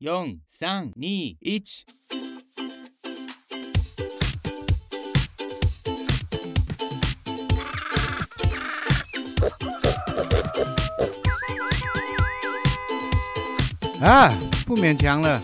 四、三、二、一。啊，不勉強了。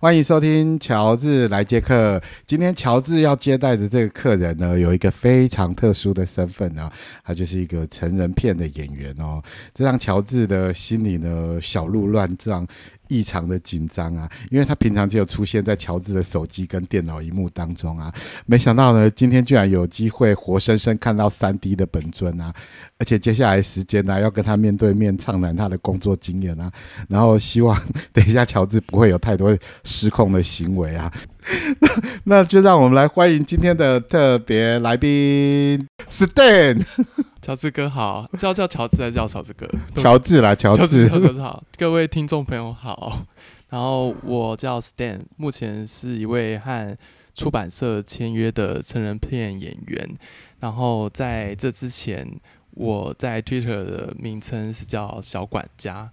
歡迎收聽喬治來接客。今天喬治要接待的這個客人呢，有一個非常特殊的身份呢、啊，他就是一個成人片的演員哦，這讓喬治的心裡呢，小鹿亂撞。異常的緊張啊，因為他平常只有出現在喬治的手機跟電腦屏幕當中啊，沒想到呢，今天居然有機會活生生看到三 D 的本尊啊，而且接下來時間呢、啊，要跟他面對面暢談他的工作經驗啊，然後希望等一下喬治不會有太多失控的行為啊， 那，那就讓我們來歡迎今天的特別來賓 Stand。Stand! 喬治哥好，叫叫喬治還是叫喬治哥？對對喬治來喬，喬治，喬治好，各位聽眾朋友好。然後我叫 Stand，目前是一位和出版社簽約的成人片演員。然後在這之前，我在 Twitter 的名稱是叫小管家。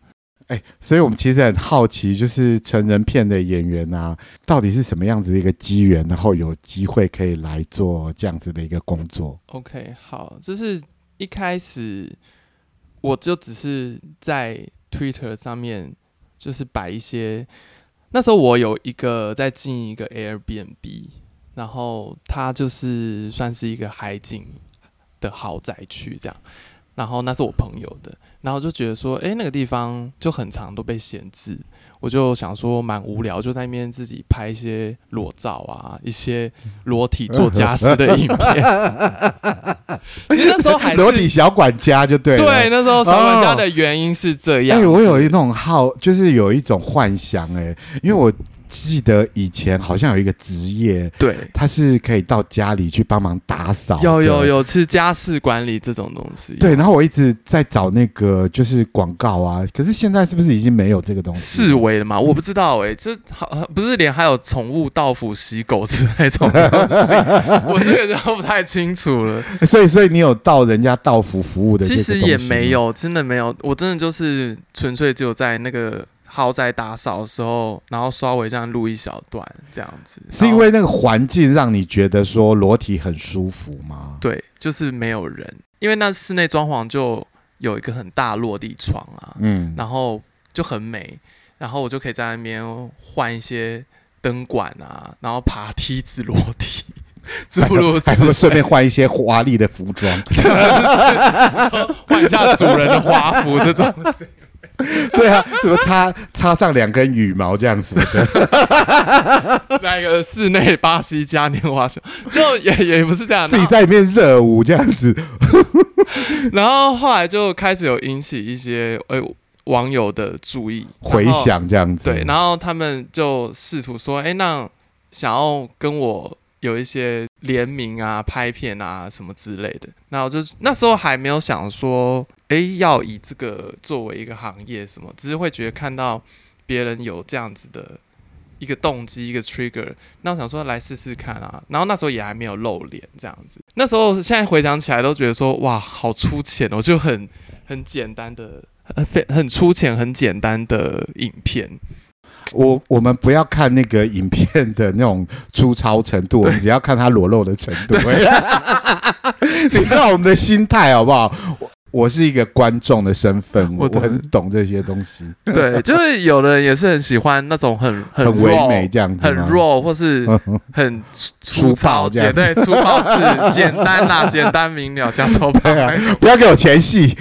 哎，所以我們其實很好奇，就是成人片的演員啊，到底是什麼樣子的一個機緣，然後有機會可以來做這樣子的一個工作？OK，好，就是。一開始我就只是在 Twitter 上面，就是擺一些。那時候我有一個在經營一個 Airbnb，然後它就是算是一個海景的豪宅區這樣。然後那是我朋友的，然後就覺得說，誒、欸，那個地方就很常都被閒置。我就想說，蠻無聊，就在那邊自己拍一些裸照啊，一些裸體做家事的影片。 其實那時候還是裸體小管家就對了。對，那時候小管家的原因是這樣。哎、哦欸，我有一種好，就是有一種幻想、欸，哎，因為我。嗯記得以前好像有一個職業，對，他是可以到家裡去幫忙打掃，有有有，是家事管理這種東西。對，有然後我一直在找那個就是廣告啊，可是現在是不是已經沒有這個東西？式微了嘛？我不知道哎、欸，嗯、就好不是連還有寵物到府洗狗之類這種東西， 我這個都不太清楚了。所以，所以你有到人家到府服務的？其實也沒有，真的沒有，我真的就是純粹只有在那個。豪宅打掃的時候，然後稍微這樣錄一小段，這樣子是因為那個環境讓你覺得說裸體很舒服嗎？對，就是沒有人，因為那室內裝潢就有一個很大落地窗啊，嗯，然後就很美，然後我就可以在那邊換一些燈管啊，然後爬梯子裸體，住裸子，還順便換一些華麗的服裝，換 下主人的華服這種。 對啊，怎麼插插上兩根羽毛這樣子， 在一個室內巴西嘉年華秀，就也也不是這樣，自己在裡面熱舞這樣子， 然後後來就開始有引起一些哎、欸、網友的注意回響這樣子，對，然後他們就試圖說，哎、欸，那想要跟我有一些聯名啊、拍片啊什麼之類的，然後就那時候還沒有想說。誒，要以這個作為一個行業什麼？只是會覺得看到別人有這樣子的一個動機，一個 trigger，那我想說來試試看啊。然後那時候也還沒有露臉這樣子。那時候現在回想起來都覺得說哇，好粗淺哦，就很很簡單的，很、很粗淺很簡單的影片。我我們不要看那個影片的那種粗糙程度，對我們只要看它裸露的程度。對 你知道我們的心態好不好？我是一個觀眾的身份，我，的 我很懂這些東西。對，就是有的人也是很喜歡那種很很，很唯美這樣子，很 raw 或是很粗糙這樣。對，粗糙是 簡單啦，簡單明了加粗暴。啊、種不要給我前戲。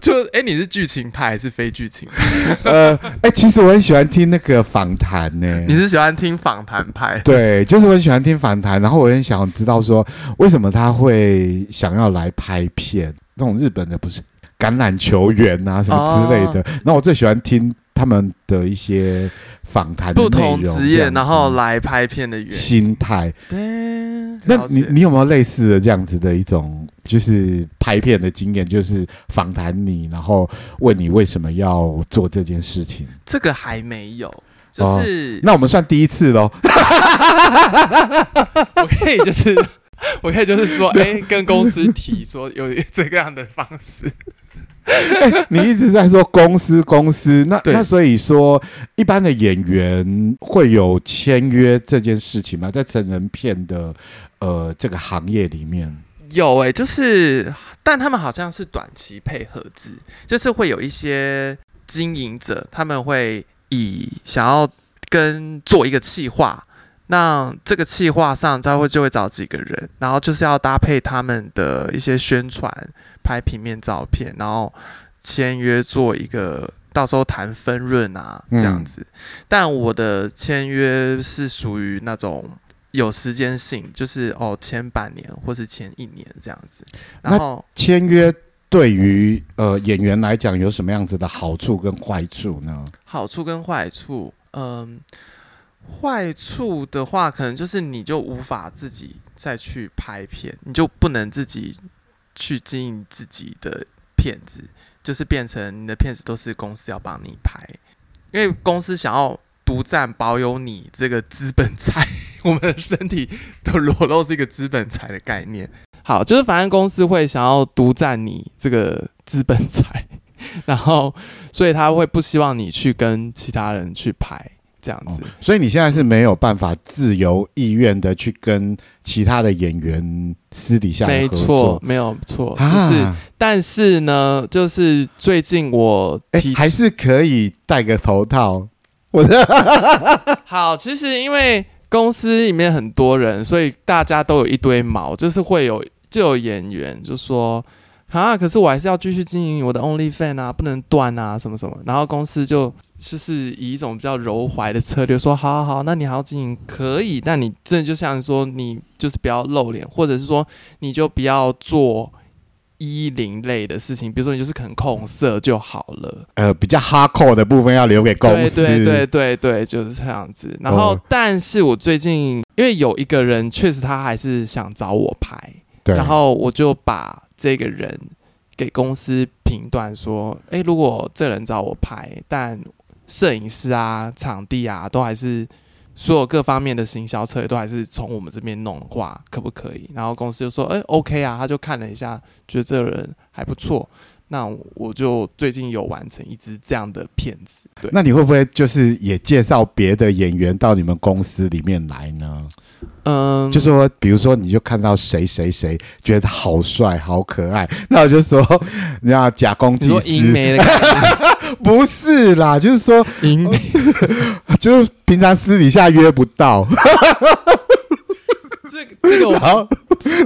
就哎，你是劇情派還是非劇情派？ 呃，哎，其實我很喜歡聽那個訪談呢、欸。你是喜歡聽訪談派？對，就是我很喜歡聽訪談，然後我很想知道說為什麼他會想要來拍片。片那種日本的不是橄欖球員啊什麼之類的，那我最喜歡聽他們的一些訪談內容，然後來拍片的原心態。對。那，你你有沒有類似的這樣子的一種，就是拍片的經驗？就是訪談你，然後問你為什麼要做這件事情？這個還沒有，就是那我們算第一次嘍。我可以就是。我可以就是說，哎、欸，跟公司提說有這個樣的方式。哎、 欸，你一直在說公司公司，那對那所以說，一般的演員會有簽約這件事情嗎？在成人片的呃這個行業裡面，有哎、欸，就是，但他們好像是短期配合制，就是會有一些經營者，他們會以想要跟做一個企劃。那這個企劃上，他會就會找幾個人，然後就是要搭配他們的一些宣傳，拍平面照片，然後簽約做一個，到時候談分潤啊這樣子。嗯，但我的簽約是屬於那種有時間性，就是哦簽半年或是簽一年這樣子。然後簽約對於呃演員來講有什麼樣子的好處跟壞處呢？嗯，好處跟壞處，嗯。壞處的話，可能就是你就無法自己再去拍片，你就不能自己去經營自己的片子，就是變成你的片子都是公司要幫你拍，因為公司想要獨占保有你這個資本財，我們的身體都裸露是一個資本財的概念。好，就是反正公司會想要獨占你這個資本財，然後所以他會不希望你去跟其他人去拍。這樣子、哦，所以你現在是沒有辦法自由意願的去跟其他的演員私底下合作。沒錯，沒有錯，啊、就是。但是呢，就是最近我提、欸、還是可以戴個頭套。我的好， 其實因為公司裡面很多人，所以大家都有一堆毛，就是會有就有演員就說。啊！可是我還是要繼續經營我的 Only Fan 啊，不能斷啊，什麼什麼。然後公司就就是以一種比較柔懷的策略說：好好好，那你還要經營可以，但你真的就像你說你就是不要露臉，或者是說你就不要做一零類的事情，比如說你就是 softcore 就好了。呃，比較 Hardcore 的部分要留給公司，對對對對對，就是這樣子。然後，哦、但是我最近因為有一個人確實他還是想找我拍，對然後我就把。這個人給公司評斷說：“誒，如果這個人找我拍，但攝影師啊、場地啊，都還是所有各方面的行銷策略都還是從我們這邊弄的話，可不可以？”然後公司就說：“哎，OK 啊。”他就看了一下，覺得這個人還不錯。那我就最近有完成一支這樣的片子，對。那你會不會就是也介紹別的演員到你們公司裡面來呢？嗯，就是說，比如說，你就看到誰誰誰覺得好帥、好可愛，那我就說你要假公濟私，說英美的 不是啦，就是說，英美 就是平常私底下約不到。 這個我然後，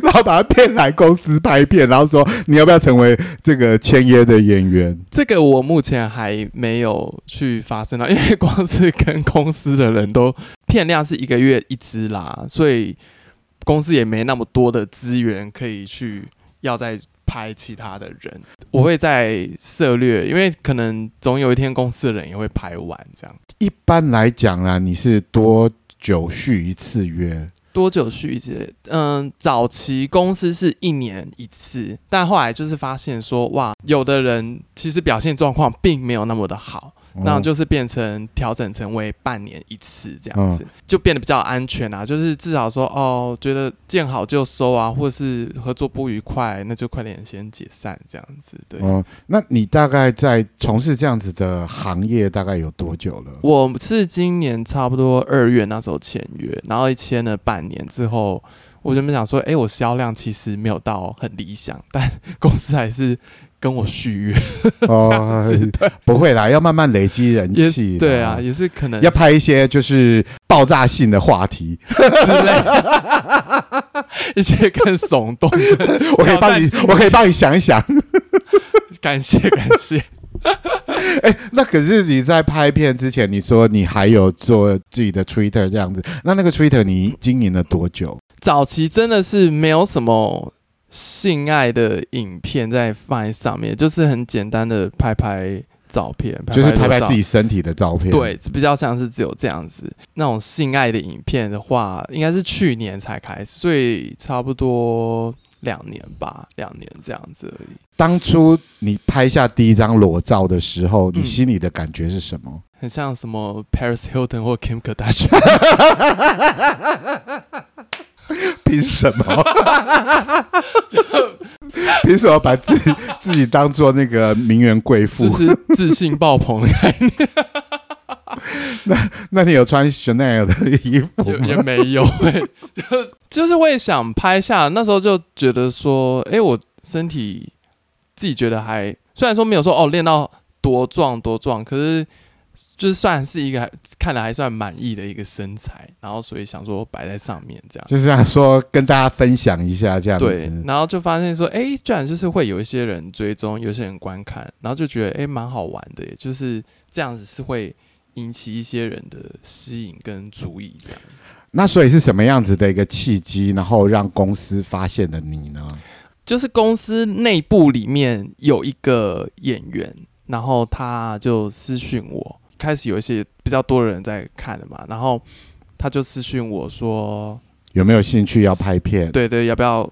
然後把他騙來公司拍片，然後說你要不要成為這個簽約的演員？這個我目前還沒有去發生到，因為光是跟公司的人都片量是一個月一支啦，所以公司也沒那麼多的資源可以去要再拍其他的人。我會在策略，因為可能總有一天公司的人也會拍完這樣。一般來講啊，你是多久續一次約？多久續一次？嗯，早期公司是一年一次，但後來就是發現說，哇，有的人其實表現狀況並沒有那麼的好。那就是變成調整成為半年一次這樣子，嗯、就變得比較安全啦，啊。就是至少說哦，覺得見好就收啊，或者是合作不愉快，那就快點先解散這樣子。對。嗯、那你大概在從事這樣子的行業大概有多久了？我是今年差不多二月那時候簽約，然後一簽了半年之後，我就沒想說，哎，欸，我銷量其實沒有到很理想，但公司還是。跟我續約哦，對，不會啦，要慢慢累積人氣。對啊，也是可能要拍一些就是爆炸性的話題之類的， 一些更聳動。 我可以幫你， 我可以幫你想一想感。感謝感謝。哎，那可是你在拍片之前，你說你還有做自己的 Twitter 這樣子，那那個 Twitter 你經營了多久？早期真的是沒有什麼。性愛的影片在放在上面，就是很簡單的拍拍照片，拍拍照片就是拍拍自己身體的照片。對，比較像是只有這樣子。那種性愛的影片的話，應該是去年才開始，所以差不多兩年吧，兩年這樣子而已。當初你拍下第一張裸照的時候，你心裡的感覺是什麼？嗯，很像什麼 Paris Hilton 或 Kim Kardashian。 憑什麼？ 就憑什麼把自己自己當做那個名媛貴婦？只是自信爆棚的概念 那，那那你有穿 Chanel 的衣服嗎？也沒有、欸，就是為、就是，會想拍下。那時候就覺得說，哎、欸，我身體自己覺得還，雖然說沒有說哦練到多壯多壯，可是。就是，算是一個看來還算滿意的一個身材，然後所以想說我擺在上面這樣，就是說跟大家分享一下這樣子。對，然後就發現說，哎、欸，居然就是會有一些人追蹤，有一些人觀看，然後就覺得哎、欸，蠻好玩的耶，就是這樣子是會引起一些人的吸引跟注意的。那所以是什麼樣子的一個契機，然後讓公司發現了你呢？就是公司內部裡面有一個演員，然後他就私訊我。開始有一些比較多的人在看了嘛，然後他就私訊我說：“有沒有興趣要拍片？”嗯、對，對對，要不要？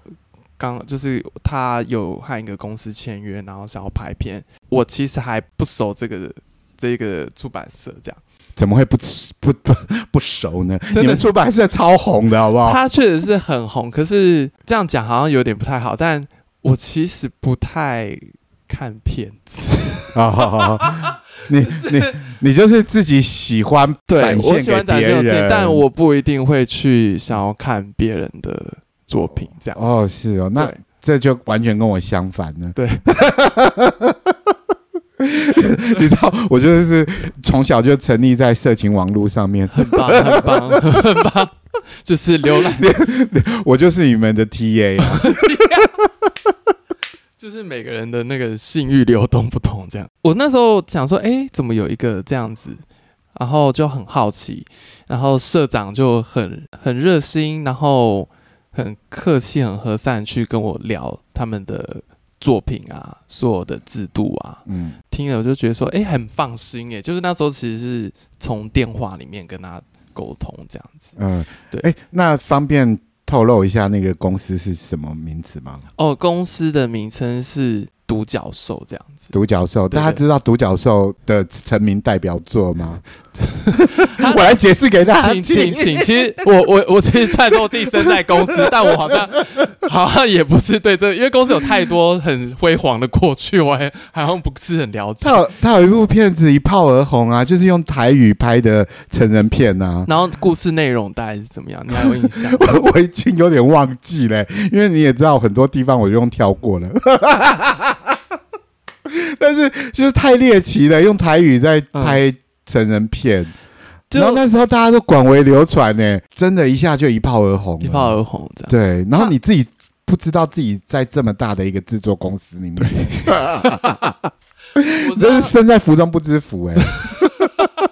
剛就是他有和一個公司簽約，然後想要拍片。我其實還不熟這個這個出版社，這樣怎麼會不，不，不，不熟呢？真的，你們出版社超紅的好不好？他確實是很紅，可是這樣講好像有點不太好。但我其實不太。看片子你，你，你就是自己喜歡展現給別人，但我不一定會去想要看別人的作品這樣。哦，是哦，那這就完全跟我相反了。對，你知道，我就是從小就沉溺在色情網路上面，很棒，很棒，很棒，就是瀏覽。我就是你們的 T A。就是每個人的那個性欲流動不同，這樣。我那時候想說，哎、欸，怎麼有一個這樣子，然後就很好奇。然後社長就很很熱心，然後很客氣、很和善，去跟我聊他們的作品啊、所有的制度啊。嗯，聽了我就覺得說，哎、欸，很放心、欸。哎，就是那時候其實是從電話裡面跟他溝通這樣子。嗯、呃，對。哎、欸，那方便。透露一下那個公司是什麼名字嗎？哦，公司的名稱是獨角獸這樣子。獨角獸，大家對知道獨角獸的成名代表作嗎？ 我來解釋給大家聽。請請請，其實我我我其實雖然說我自己身在公司， 但我好像好像也不是對這個，因為公司有太多很輝煌的過去，我還好像不是很了解。他有他有一部片子一炮而紅啊，就是用台語拍的成人片啊。然後故事內容大概是怎麼樣？你還有印象嗎 我？我已經有點忘記了，欸，因為你也知道很多地方我就用跳過了。 但是就是太獵奇了，用台語在拍成人片。嗯然後那時候大家都廣為流傳呢、欸，真的，一下就一炮而紅。一炮而紅，這樣對。然後你自己不知道自己在這麼大的一個制作公司裡面，真是身在福中不知福哎、欸。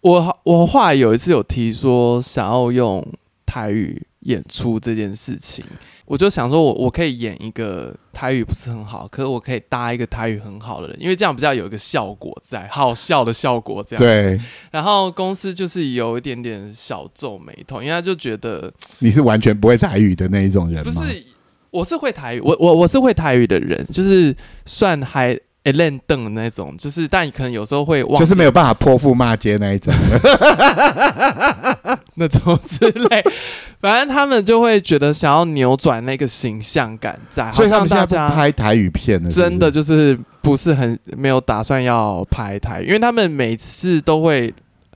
我我後來有一次有提說想要用台語演出這件事情。我就想說我，我我可以演一個台語不是很好，可是我可以搭一個台語很好的人，因為這樣比較有一個效果在，好笑的效果。這樣對。然後公司就是有一點點小皺眉頭，因為他就覺得你是完全不會台語的那一種人嗎？不是，我是會台語，我我我是會台語的人，就是算還 Ellen 的那種，就是但你可能有時候會忘記，就是沒有辦法潑婦罵街那一種。 那種之類， 反正他們就會覺得想要扭轉那個形象感在，所以他們現在拍台語片了。真的就是不是很沒有打算要拍台，因為他們每次都會，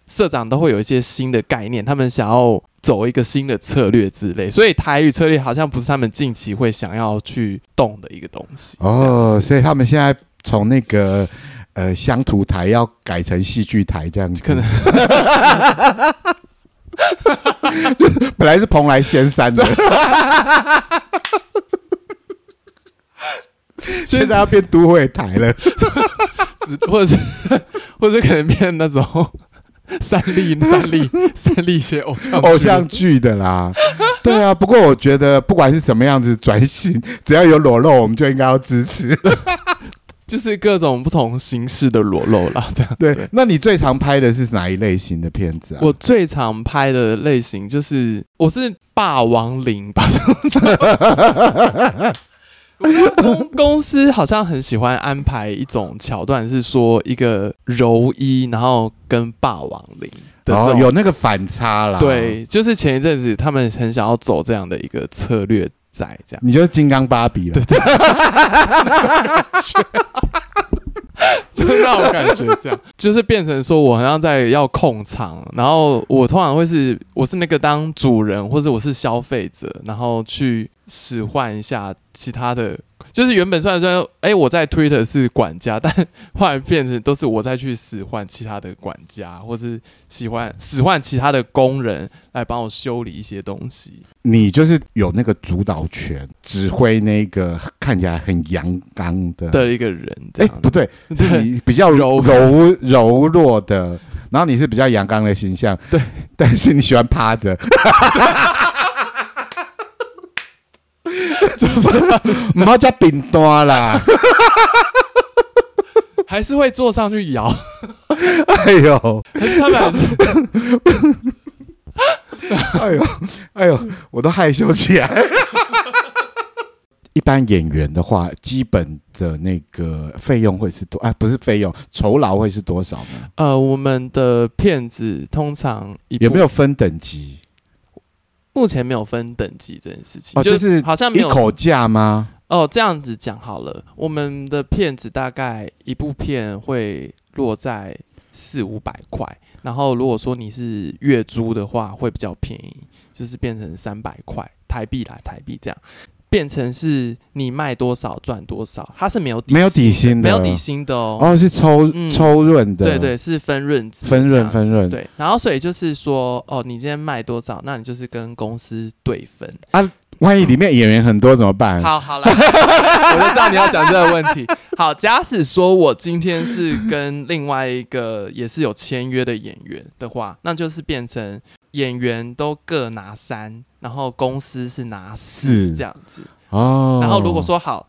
社長都會有一些新的概念，他們想要走一個新的策略之類，所以台語策略好像不是他們近期會想要去動的一個東西。哦，所以他們現在從那個呃鄉土台要改成戲劇台這樣子。可能。 本來是蓬萊仙山的， 現在要變都會台了， 或者是，或者可能變那種三立三立三立一些偶像劇偶像劇的啦。對啊，不過我覺得，不管是怎麼樣子轉型，只要有裸露，我們就應該要支持。 就是各種不同形式的裸露啦，這樣對，對。那你最常拍的是哪一類型的片子啊？我最常拍的類型就是，我是霸王零吧。公司好像很喜歡安排一種橋段，是說一個柔一，然後跟霸王零，然後、哦、有那個反差啦。對，就是前一陣子他們很想要走這樣的一個策略。仔這樣，你就是金剛芭比了。對，對對，就讓我感覺， 感覺這樣 就是變成說我好像在要控場，然後我通常會是我是那個當主人，或者我是消費者，然後去使喚一下其他的。就是原本雖然說，哎、欸，我在 Twitter 是管家，但後來變成都是我在去使喚其他的管家，或是喜歡使喚其他的工人來幫我修理一些東西。你就是有那個主導權，指揮那個看起來很陽剛的的一個人。哎、欸，不對，是你比較柔柔柔、柔弱的，然後你是比較陽剛的形象，對，但是你喜歡趴着。 就是，不要叫餅多啦，還是會坐上去搖 。哎呦，他們，哎呦，哎呦，我都害羞起來。 一般演員的話，基本的那個費用會是多，啊？不是費用，酬勞會是多少呢？呃，我們的片子通常有沒有分等級？目前沒有分等級這件事情，哦、就是就好像一口價嗎？哦，這樣子講好了，我們的片子大概一部片會落在，四五百塊，然後如果說你是月租的話，會比較便宜，就是變成三百塊台幣來台幣這樣。變成是你賣多少賺多少，他是沒有沒有底薪的。沒有底薪的沒有底薪的哦，哦是抽、嗯、抽潤的，對對是分潤值分潤分潤分潤對，然後所以就是說哦，你今天賣多少，那你就是跟公司對分啊，萬一裡面演員很多、嗯、怎麼辦？好好啦， 我就知道你要講這個問題。好，假使說我今天是跟另外一個也是有簽約的演員的話，那就是變成。演員都各拿三，然後公司是拿四是這樣子哦。然後如果說好，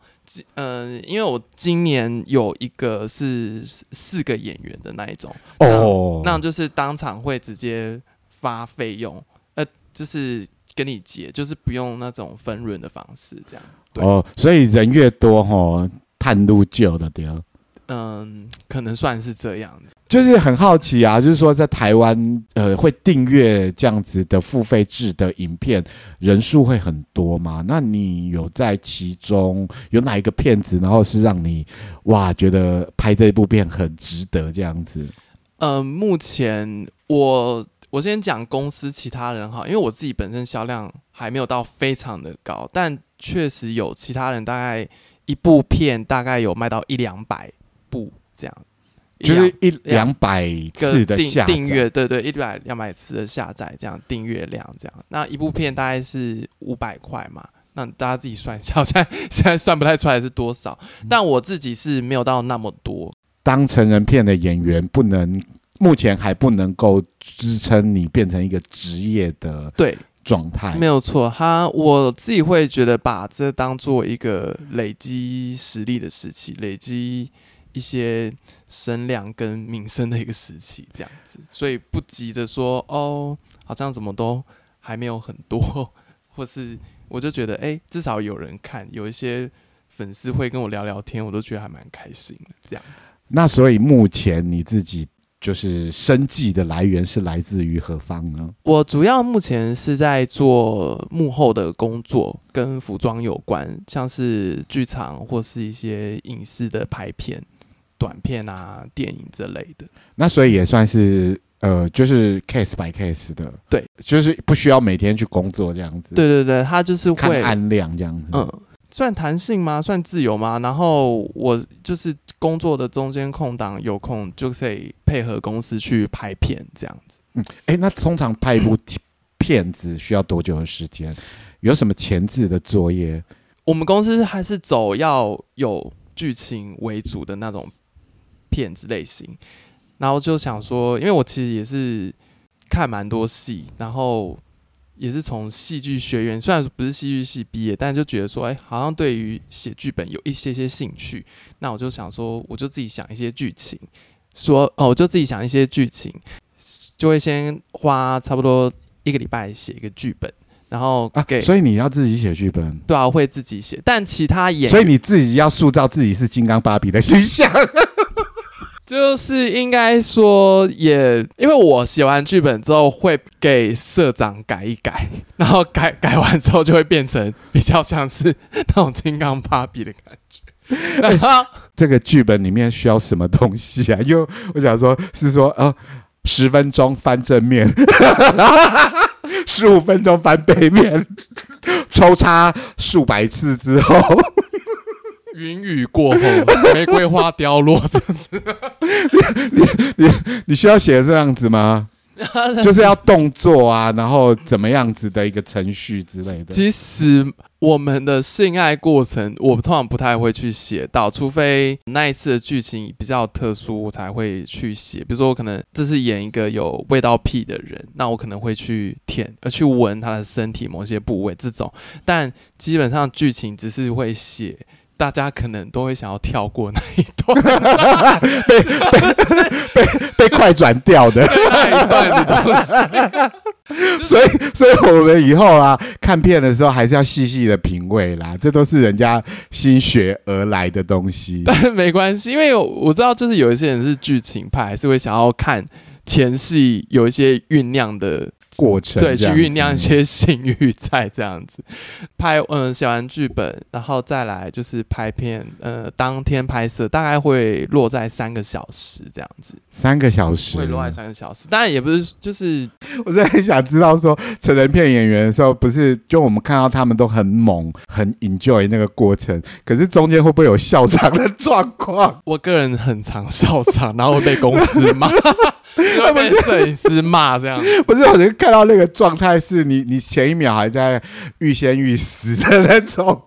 呃，因為我今年有一個是四個演員的那一種哦，那就是當場會直接發費用，呃，就是跟你結，就是不用那種分潤的方式這樣。對哦，所以人越多，吼、哦，探路就的這樣嗯，可能算是這樣子，就是很好奇啊，就是說在台灣，呃，會訂閱這樣子的付費制的影片人數會很多嗎？那你有在其中有哪一個片子，然後是讓你哇覺得拍這部片很值得這樣子？嗯，目前我我先講公司其他人哈，因為我自己本身銷量還沒有到非常的高，但確實有其他人，大概一部片大概有賣到一兩百。不，這樣，就是一兩百次的下訂閱，對對，對，一百兩百次的下載這樣訂閱量這樣，那一部片大概是五百塊嘛，那大家自己算一下，現在現在算不太出來是多少，嗯，但我自己是沒有到那麼多。當成人片的演員不能，目前還不能夠支撐你變成一個職業的對狀態，沒有錯哈。我自己會覺得把這當做一個累積實力的時期，累積一些聲量跟名聲的一個時期，這樣子，所以不急着說哦，好像怎麼都還沒有很多，或是我就覺得，欸，至少有人看，有一些粉絲會跟我聊聊天，我都覺得還蠻開心的，這樣子。那所以目前你自己就是生計的來源是來自於何方呢？我主要目前是在做幕後的工作，跟服裝有關，像是劇場或是一些影視的拍片。短片啊，電影之類的，那所以也算是呃，就是 case by case 的，對，就是不需要每天去工作這樣子。對對對，他就是會按量這樣子。嗯，算彈性嗎？算自由嗎？然後我就是工作的中間空檔有空就可以配合公司去拍片這樣子。嗯，哎、欸，那通常拍一部片子需要多久的時間？嗯、有什麼前置的作業？我們公司還是走要有劇情為主的那種片子類型，然後就想說，因為我其實也是看蠻多戲，然後也是從戲劇學院，雖然不是戲劇系畢業，但就覺得說，哎、欸，好像對於寫劇本有一些些興趣。那我就想說，我就自己想一些劇情，說哦、呃，我就自己想一些劇情，就會先花差不多一個禮拜寫一個劇本，然後給啊，所以你要自己寫劇本？對啊，我會自己寫，但其他演員。所以你自己要塑造自己是金剛芭比的形象。 就是應該說也，也因為我寫完劇本之後會給社長改一改，然後改改完之後就會變成比較像是那種金剛芭比的感覺，哎。這個劇本裡面需要什麼東西啊？因為我想說，是說啊哦，十分鐘翻正面，十五分鐘翻背面，抽插數百次之後。雲雨過後，玫瑰花凋落，這樣子。你你你需要寫這樣子嗎？ 就是要動作啊，然後怎麼樣子的一個程序之類的。其實我們的性愛過程，我通常不太會去寫到，除非那一次的劇情比較特殊，我才會去寫。比如說，我可能這是演一個有味道癖的人，那我可能會去舔，呃，去聞他的身體某些部位這種。但基本上劇情只是會寫。大家可能都會想要跳過那一段 被，被 被被快轉掉的 那一段的東西， 所以所以我們以後啊看片的時候還是要細細的品味啦，這都是人家心血而來的東西。 但是沒關係，因為我知道就是有一些人是劇情派，還是會想要看前戲有一些醞釀的。過程對，去醞釀一些性慾在這樣子拍，嗯，寫完劇本，然後再來就是拍片，呃，當天拍攝大概會落在三個小時這樣子，三個小時會落在三個小時，當然、嗯、也不是，就是我真的很想知道說成人片演員的時候，不是，就我們看到他們都很猛，很 enjoy 那個過程，可是中間會不會有笑場的狀況？我個人很常笑場， 然後我被公司罵。 被攝影師罵這樣子、啊不不，不是？我看到那個狀態是你，你前一秒還在欲仙欲死的那種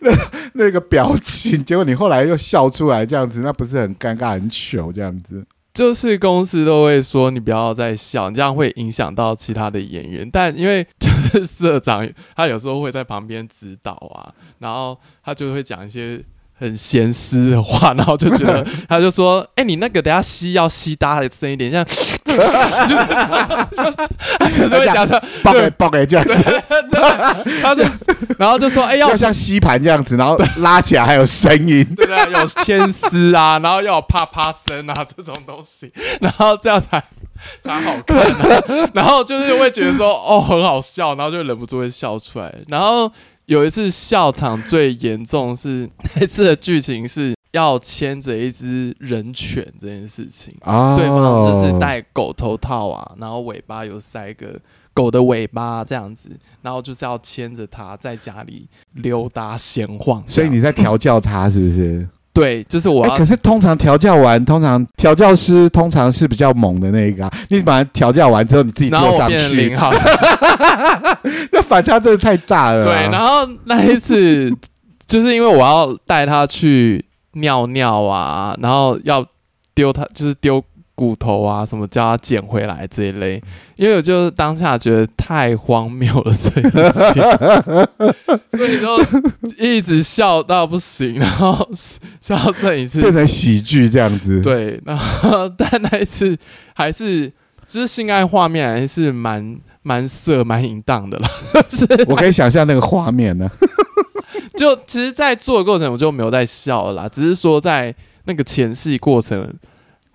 那，那那個表情，結果你後來又笑出來這樣子，那不是很尷尬、很糗這樣子？就是公司都會說你不要再笑，你這樣會影響到其他的演員。但因為就是社長他有時候會在旁邊指導啊，然後他就會講一些。很牽絲的話，然後就覺得，他就說：“哎、欸，你那個等下吸要吸大，還深一點，像 就是這假子，抱給抱給這樣子。” 他就， 就然後就說：“哎、欸，要像吸盤這樣子，然後拉起來還有聲音， 對不、啊、對？有牽絲啊，然後要有啪啪聲啊，這種東西，然後這樣才才好看、啊。然後就是會覺得說，哦，很好笑，然後就忍不住會笑出來，然後。”有一次笑場最嚴重是那次的劇情是要牽着一只人犬這件事情啊，哦、對嗎？就是戴狗頭套啊，然後尾巴有塞個狗的尾巴這樣子，然後就是要牽着它在家裡溜達閒晃，所以你在調教它是不是？嗯對，就是我要。欸、可是通常調教完，通常調教師通常是比較猛的那一個，啊，你把它調教完之後你自己坐上去，然後我變成零，哈哈哈哈哈，那反差真的太大了。對，然後那一次 就是因為我要帶他去尿尿啊，然後要丟他，就是丟。骨頭啊，什麼叫他撿回來這一類？因為我就當下覺得太荒謬了這一期，所以就一直笑到不行，然後笑到這一次，變成喜劇這樣子。對，然後但那一次還是就是性愛畫面，還是蠻蠻色、蠻淫蕩的啦。我可以想象那個畫面呢、啊？就其實，在做的過程，我就沒有在笑了啦，只是說在那個前戲過程，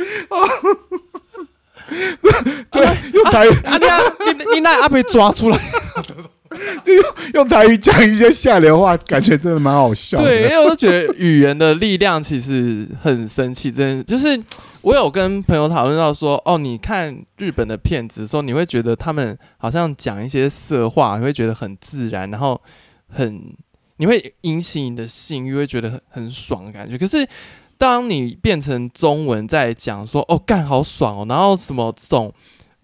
對、啊，啊、用台語，啊，因那阿被抓出來， 用用台語講一些下流話，感覺真的蠻好笑。對，啊、因為我覺得語言的力量其實很神奇，真的就是我有跟朋友討論到說，哦，你看日本的片子的時候，你會覺得他們好像講一些色話，你會覺得很自然，然後很你會引起你的性慾，會覺得很爽的感覺。可是，當你變成中文在講說，哦幹好爽哦，然後什麼這種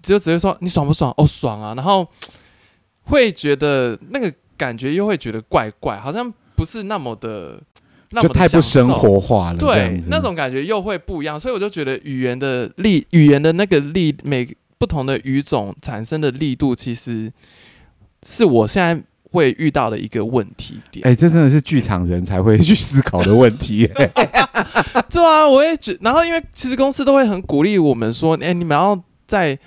就只會說，你爽不爽哦？爽啊。然後會覺得那個感覺，又會覺得怪怪，好像不是那麼的，就太不生活化了。對，對，是嗎？那種感覺又會不一樣，所以我就覺得語言的力，語言的那個力，每不同的語種產生的力度，其實是我現在。會遇到的一個問題點，哎、欸，這真的是劇場人才會去思考的問題。對啊，我也覺，然後因為其實公司都會很鼓勵我們說，哎、欸，你們要在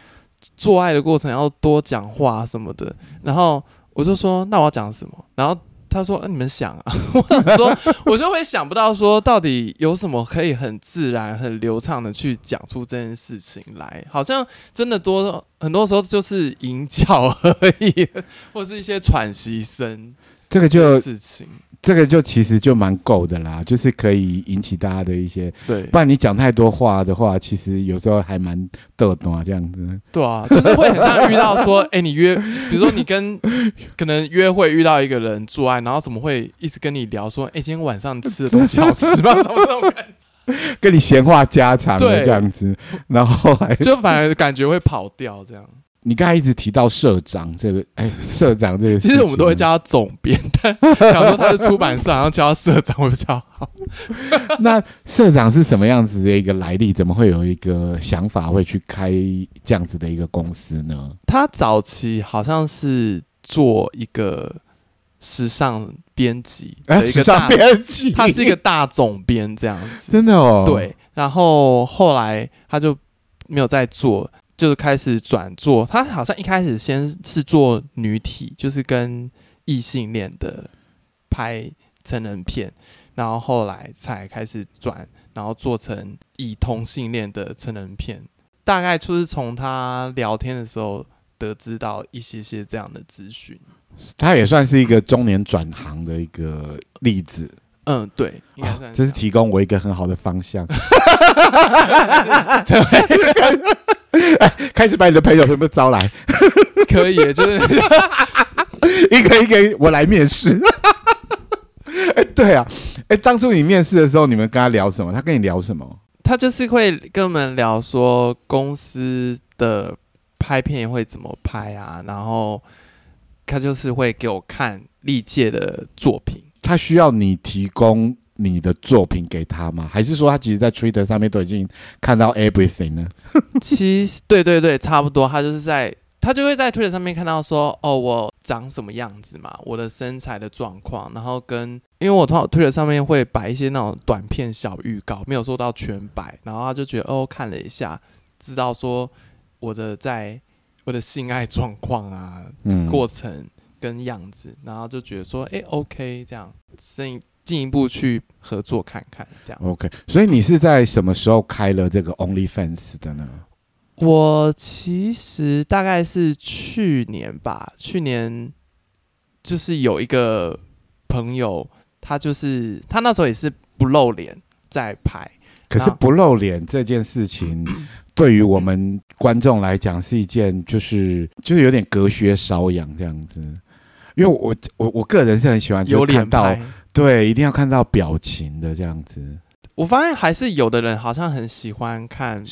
做愛的過程要多講話什麼的，然後我就說，那我要講什麼？然後。他說、呃：“你們想啊，說我就會想不到說，說到底有什麼可以很自然、很流暢的去講出這件事情來？好像真的多，很多時候就是淫叫而已，或者是一些喘息聲，這個就事情。”這個就其實就蠻夠的啦，就是可以引起大家的一些對。不然你講太多話的話，其實有時候還蠻逗動啊，這樣子。對啊，就是會很像遇到說，哎， 欸、你約，比如說你跟 可能約會遇到一個人做愛，然後怎麼會一直跟你聊說，哎、欸，今天晚上吃的東西好吃嗎？ 什麼這種感覺，跟你閒話家常，的這樣子，對然後還就反而感覺會跑掉這樣。你剛才一直提到社長這個，哎、欸，社長這個，其實我們都會叫他總編，但假如說他是出版社， 好像叫他社長會比較好。 那社長是什麼樣子的一個來歷？怎麼會有一個想法會去開這樣子的一個公司呢？他早期好像是做一個時尚編輯，哎、欸，時尚編輯，他是一個大總編這樣子， 真的哦，對，然後後來他就沒有再做。就是開始轉做，他好像一開始先是做女體，就是跟異性戀的拍成人片，然後後來才開始轉，然後做成以同性戀的成人片。大概就是從他聊天的時候得知到一些些這樣的資訊。他也算是一個中年轉行的一個例子。嗯，嗯，對，應該算是這樣子。哦，這是提供我一個很好的方向。哎、欸，開始把你的朋友全部招來，可以，就是一個一個我來面試。哎，對啊，哎、欸，當初你面試的時候，你們跟他聊什麼？他跟你聊什麼？他就是會跟我們聊說公司的拍片會怎麼拍啊，然後他就是會給我看歷屆的作品。他需要你提供。你的作品給他嗎？還是說他其實，在 Twitter 上面都已經看到 Everything 呢？ 其實，對對對，差不多。他就是在他就會在 Twitter 上面看到說，哦，我長什麼樣子嘛，我的身材的狀況，然後跟因為我通常 Twitter 上面會擺一些那種短片小預告，沒有做到全擺，然後他就覺得哦，看了一下，知道說我的在我的性愛狀況啊，嗯、過程跟樣子，然後就覺得說，哎、欸、，OK，這樣聲音。生進一步去合作看看，這樣。OK，所以你是在什麼時候開了這個 Only Fans 的呢？我其實大概是去年吧，去年就是有一個朋友，他就是他那時候也是不露臉在拍，可是不露臉這件事情 對於我們觀眾來講是一件，就是就是有點隔靴搔癢這樣子，因為我我我個人是很喜歡就是看到有臉拍。對，一定要看到表情的這樣子。我發現還是有的人好像很喜歡看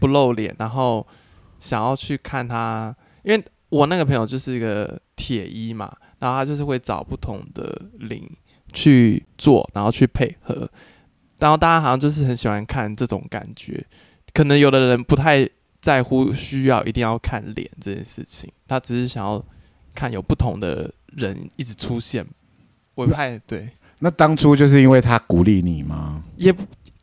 不露臉，然後想要去看他。因為我那個朋友就是一個鐵一嘛，然後他就是會找不同的零去做，然後去配合。然後大家好像就是很喜歡看這種感覺。可能有的人不太在乎需要一定要看臉這件事情，他只是想要看有不同的人一直出現。委派對，那當初就是因為他鼓勵你嗎？也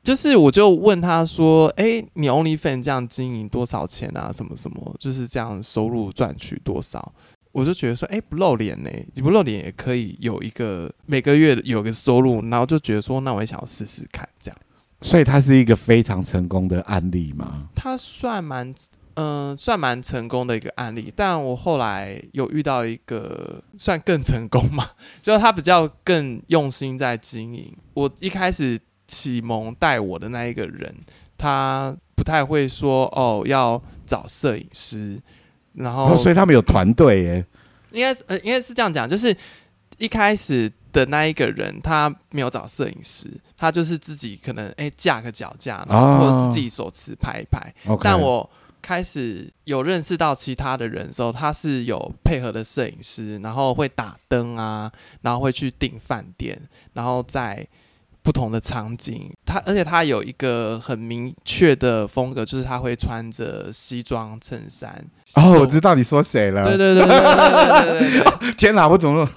就是我就問他說：“哎、欸，你 OnlyFans 這樣經營多少錢啊？什麼什麼？就是這樣收入賺取多少？”我就覺得說：“哎、欸，不露臉呢，你不露臉也可以有一個每個月有個收入。”然後就覺得說：“那我也想要試試看這樣子。”所以他是一個非常成功的案例嗎？他算蠻。嗯、呃，算蠻成功的一個案例，但我後來有遇到一個算更成功嘛，就是他比較更用心在經營。我一開始啟蒙帶我的那一個人，他不太會說哦，要找攝影師，然後、哦、所以他們有團隊耶？應該呃應該是這樣講，就是一開始的那一個人他沒有找攝影師，他就是自己可能哎、欸、架個腳架，然後或者是自己手持拍一拍。哦 okay. 但我。開始有認識到其他的人的時候，他是有配合的攝影師，然後會打燈啊，然後會去訂飯店，然後再。不同的場景，他而且他有一個很明確的風格，就是他會穿着西裝襯衫。哦，我知道你說誰了。對對對。哦，天哪，我怎麼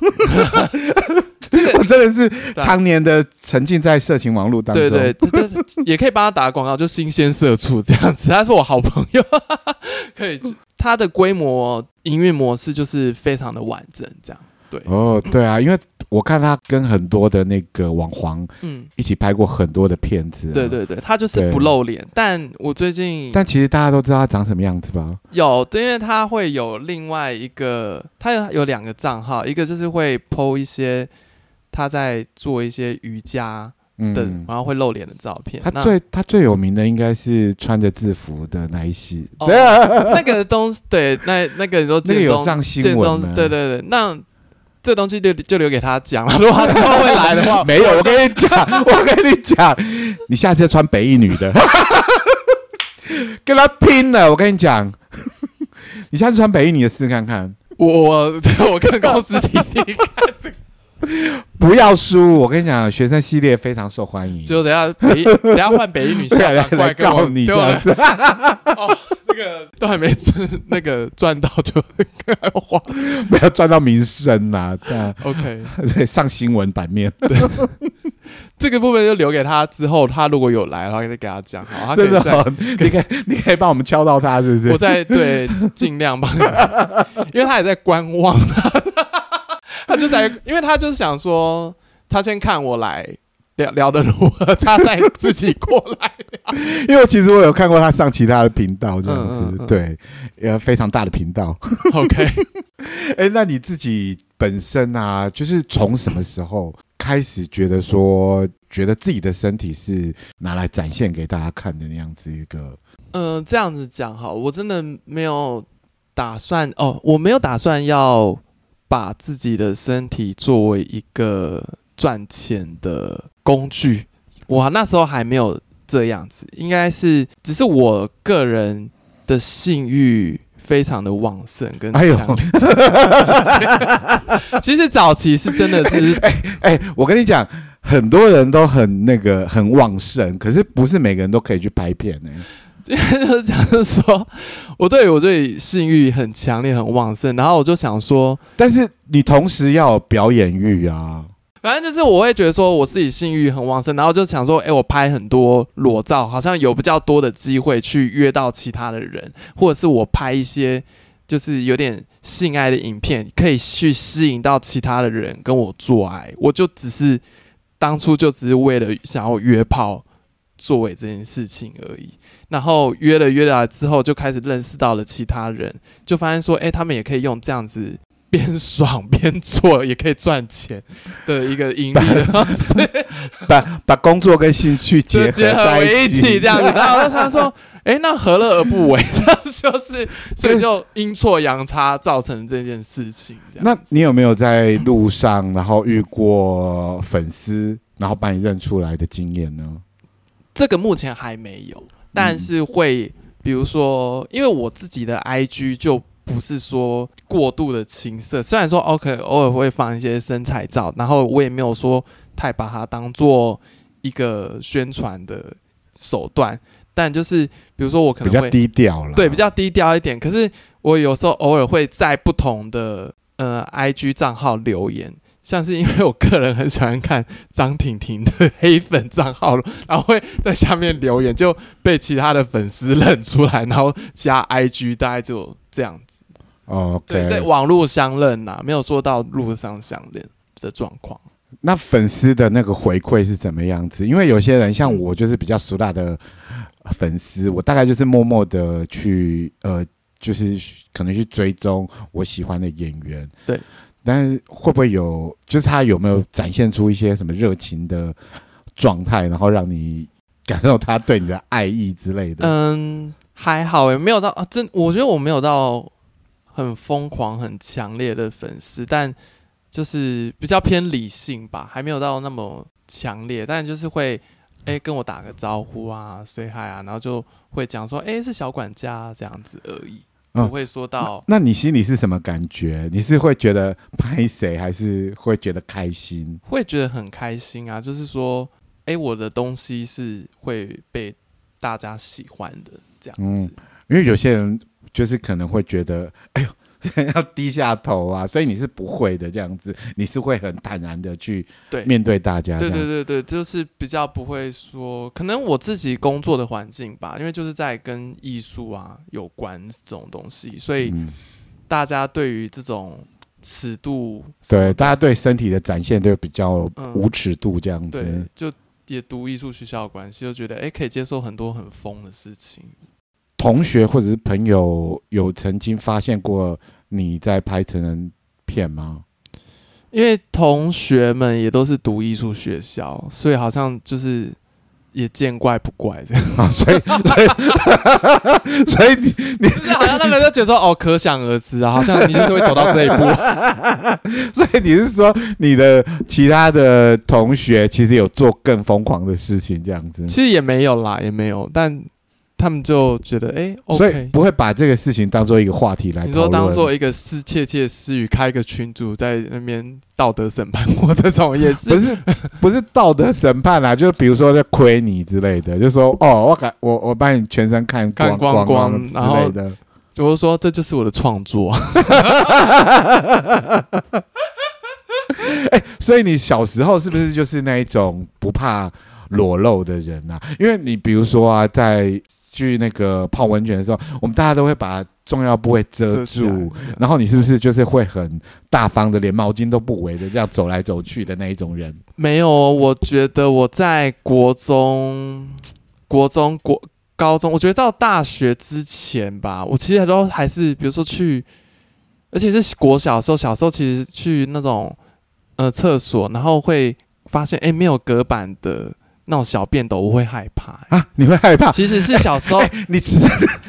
我真的是常年的沉浸在色情網路當中。對對對，也可以幫他打廣告，就新鮮社畜這樣子。他是我好朋友，可以。他的規模營運模式就是非常的完整，這樣。對哦，對啊，因為我看他跟很多的那個網黃，嗯，一起拍過很多的片子，啊嗯。對對對，他就是不露臉，對但我最近，但其實大家都知道他長什麼樣子吧？有，對，因為他會有另外一個，他有有兩個賬號，一個就是會 PO 一些他在做一些瑜伽等，嗯、然後會露臉的照片。他最那他最有名的應該是穿着制服的那一些，那個東對，那那個你說，這個有上新聞？對對對，那。這東西就就留給他講了。如果他會來的話， 沒有。我跟， 我跟你講，我跟你講，你下次要穿北一女的， 跟他拼了。我跟你講， 你下次穿北一女的試試看看。我我跟公司提提看、 這個，你看。不要輸！我跟你講，學生系列非常受歡迎。就等下，北等下換北一女下 過來來告你，對不 哦，那個都還沒賺，那個賺到就花，沒有賺到名聲吶。對、啊、，OK，對上新聞版面。對，這個部分就留給他之後，他如果有來的話，可以給他講。好，真的，你可以，可以你可以幫我們敲到他，是不是？我在對，盡量幫他， 因為他也在觀望。 他就在，因為他就是想說，他先看我來聊聊，得如何，他再自己過來。 因為其實我有看過他上其他的頻道這樣子，嗯嗯嗯對，呃，非常大的頻道。 OK，哎、欸，那你自己本身啊，就是從什麼時候開始覺得說，覺得自己的身體是拿來展現給大家看的那樣子一個？嗯、呃，這樣子講，好，我真的沒有打算哦，我沒有打算要。把自己的身體作為一個賺錢的工具，我那時候還沒有這樣子，應該是只是我個人的性慾非常的旺盛跟強。哎呦 其實早期是真的是哎哎，哎，我跟你講，很多人都很那個很旺盛，可是不是每個人都可以去拍片呢、欸。 就是講，是說我對我自己性欲很強烈、很旺盛，然後我就想說，但是你同時要有表演欲啊。反正就是我會覺得說，我自己性欲很旺盛，然後就想說，哎，我拍很多裸照，好像有比較多的機會去約到其他的人，或者是我拍一些就是有點性愛的影片，可以去吸引到其他的人跟我做愛。我就只是當初就只是為了想要約炮。作為這件事情而已，然後約了約了之後，就開始認識到了其他人，就發現說，哎，他們也可以用這樣子邊爽邊做，也可以賺錢的一個盈利的方式，把把工作跟興趣結合在一起，這樣子。然後他說，哎，那何樂而不為？他說是，所以就陰錯陽差造成這件事情。這樣，那你有沒有在路上然後遇過粉絲，然後把你認出來的經驗呢？這個目前還沒有，但是會，比如說，因為我自己的 IG 就不是說過度的青澀，雖然說 OK，偶爾會放一些身材照，然後我也沒有說太把它當作一個宣傳的手段，但就是比如說我可能會比較低調了，對，比較低調一點。可是我有時候偶爾會在不同的呃 IG 賬號留言。像是因為我個人很喜歡看張婷婷的黑粉賬號，然後會在下面留言，就被其他的粉絲認出來，然後加 IG，大概就這樣子。哦，Okay. 對，在網絡相認吶、啊，沒有說到路上相認的狀況。那粉絲的那個回饋是怎麼樣子？因為有些人像我，就是比較俗辣的粉絲，我大概就是默默的去，呃，就是可能去追蹤我喜歡的演員，對。但是會不會有，就是他有沒有展現出一些什麼熱情的狀態，然後讓你感受他對你的愛意之類的？嗯，還好哎、欸，沒有到啊，真我覺得我沒有到很瘋狂、很強烈的粉絲，但就是比較偏理性吧，還沒有到那麼強烈，但就是會哎、欸、跟我打個招呼啊，say hi 啊，然後就會講說哎、欸、是小管家這樣子而已。我會說到，那你心裡是什麼感覺？你是會覺得拍謝，還是會覺得開心？會覺得很開心啊，就是說，哎、欸，我的東西是會被大家喜歡的這樣子、嗯。因為有些人就是可能會覺得，哎呦。 要低下頭啊，所以你是不會的這樣子，你是會很坦然的去面對大家對。對對對對，就是比較不會說，可能我自己工作的環境吧，因為就是在跟藝術啊有關這種東西，所以大家對於這種尺度、嗯，對，大家對身體的展現都比較無尺度這樣子、嗯對。就也讀藝術學校的關係，就覺得哎，可以接受很多很瘋的事情。同學或者是朋友有曾經發現過？你在拍成人片嗎？因為同學們也都是讀藝術學校，所以好像就是也見怪不怪這樣、 啊。所以，所以， 所以你你好像那個人就覺得說 哦，可想而知啊，好像你就是會走到這一步。 所以你是說你的其他的同學其實有做更瘋狂的事情這樣子？其實也沒有啦，也沒有，但。他們就覺得哎，欸 okay，所以不會把這個事情當做一個話題來。你說當做一個是竊竊私語，開一個群組在那邊道德審判我這種也是 不是不是道德審判啦。啊？就比如說在窺你之類的，就說哦，我敢我我幫你全身看光看光光，然類的，後，我就是說這就是我的創作。哎，所以你小時候是不是就是那一種不怕裸露的人啊？因為你比如說啊，在去那個泡溫泉的時候，我們大家都會把重要部位遮住，然後你是不是就是會很大方的，連毛巾都不圍的這樣走來走去的那一種人？沒有，我覺得我在國中、國中國高中，我覺得到大學之前吧，我其實都還是，比如說去，而且是國小時候，小時候其實去那種呃廁所，然後會發現誒沒有隔板的。那種小便斗，我會害怕、欸、啊！你會害怕？其實是小時候，欸欸、你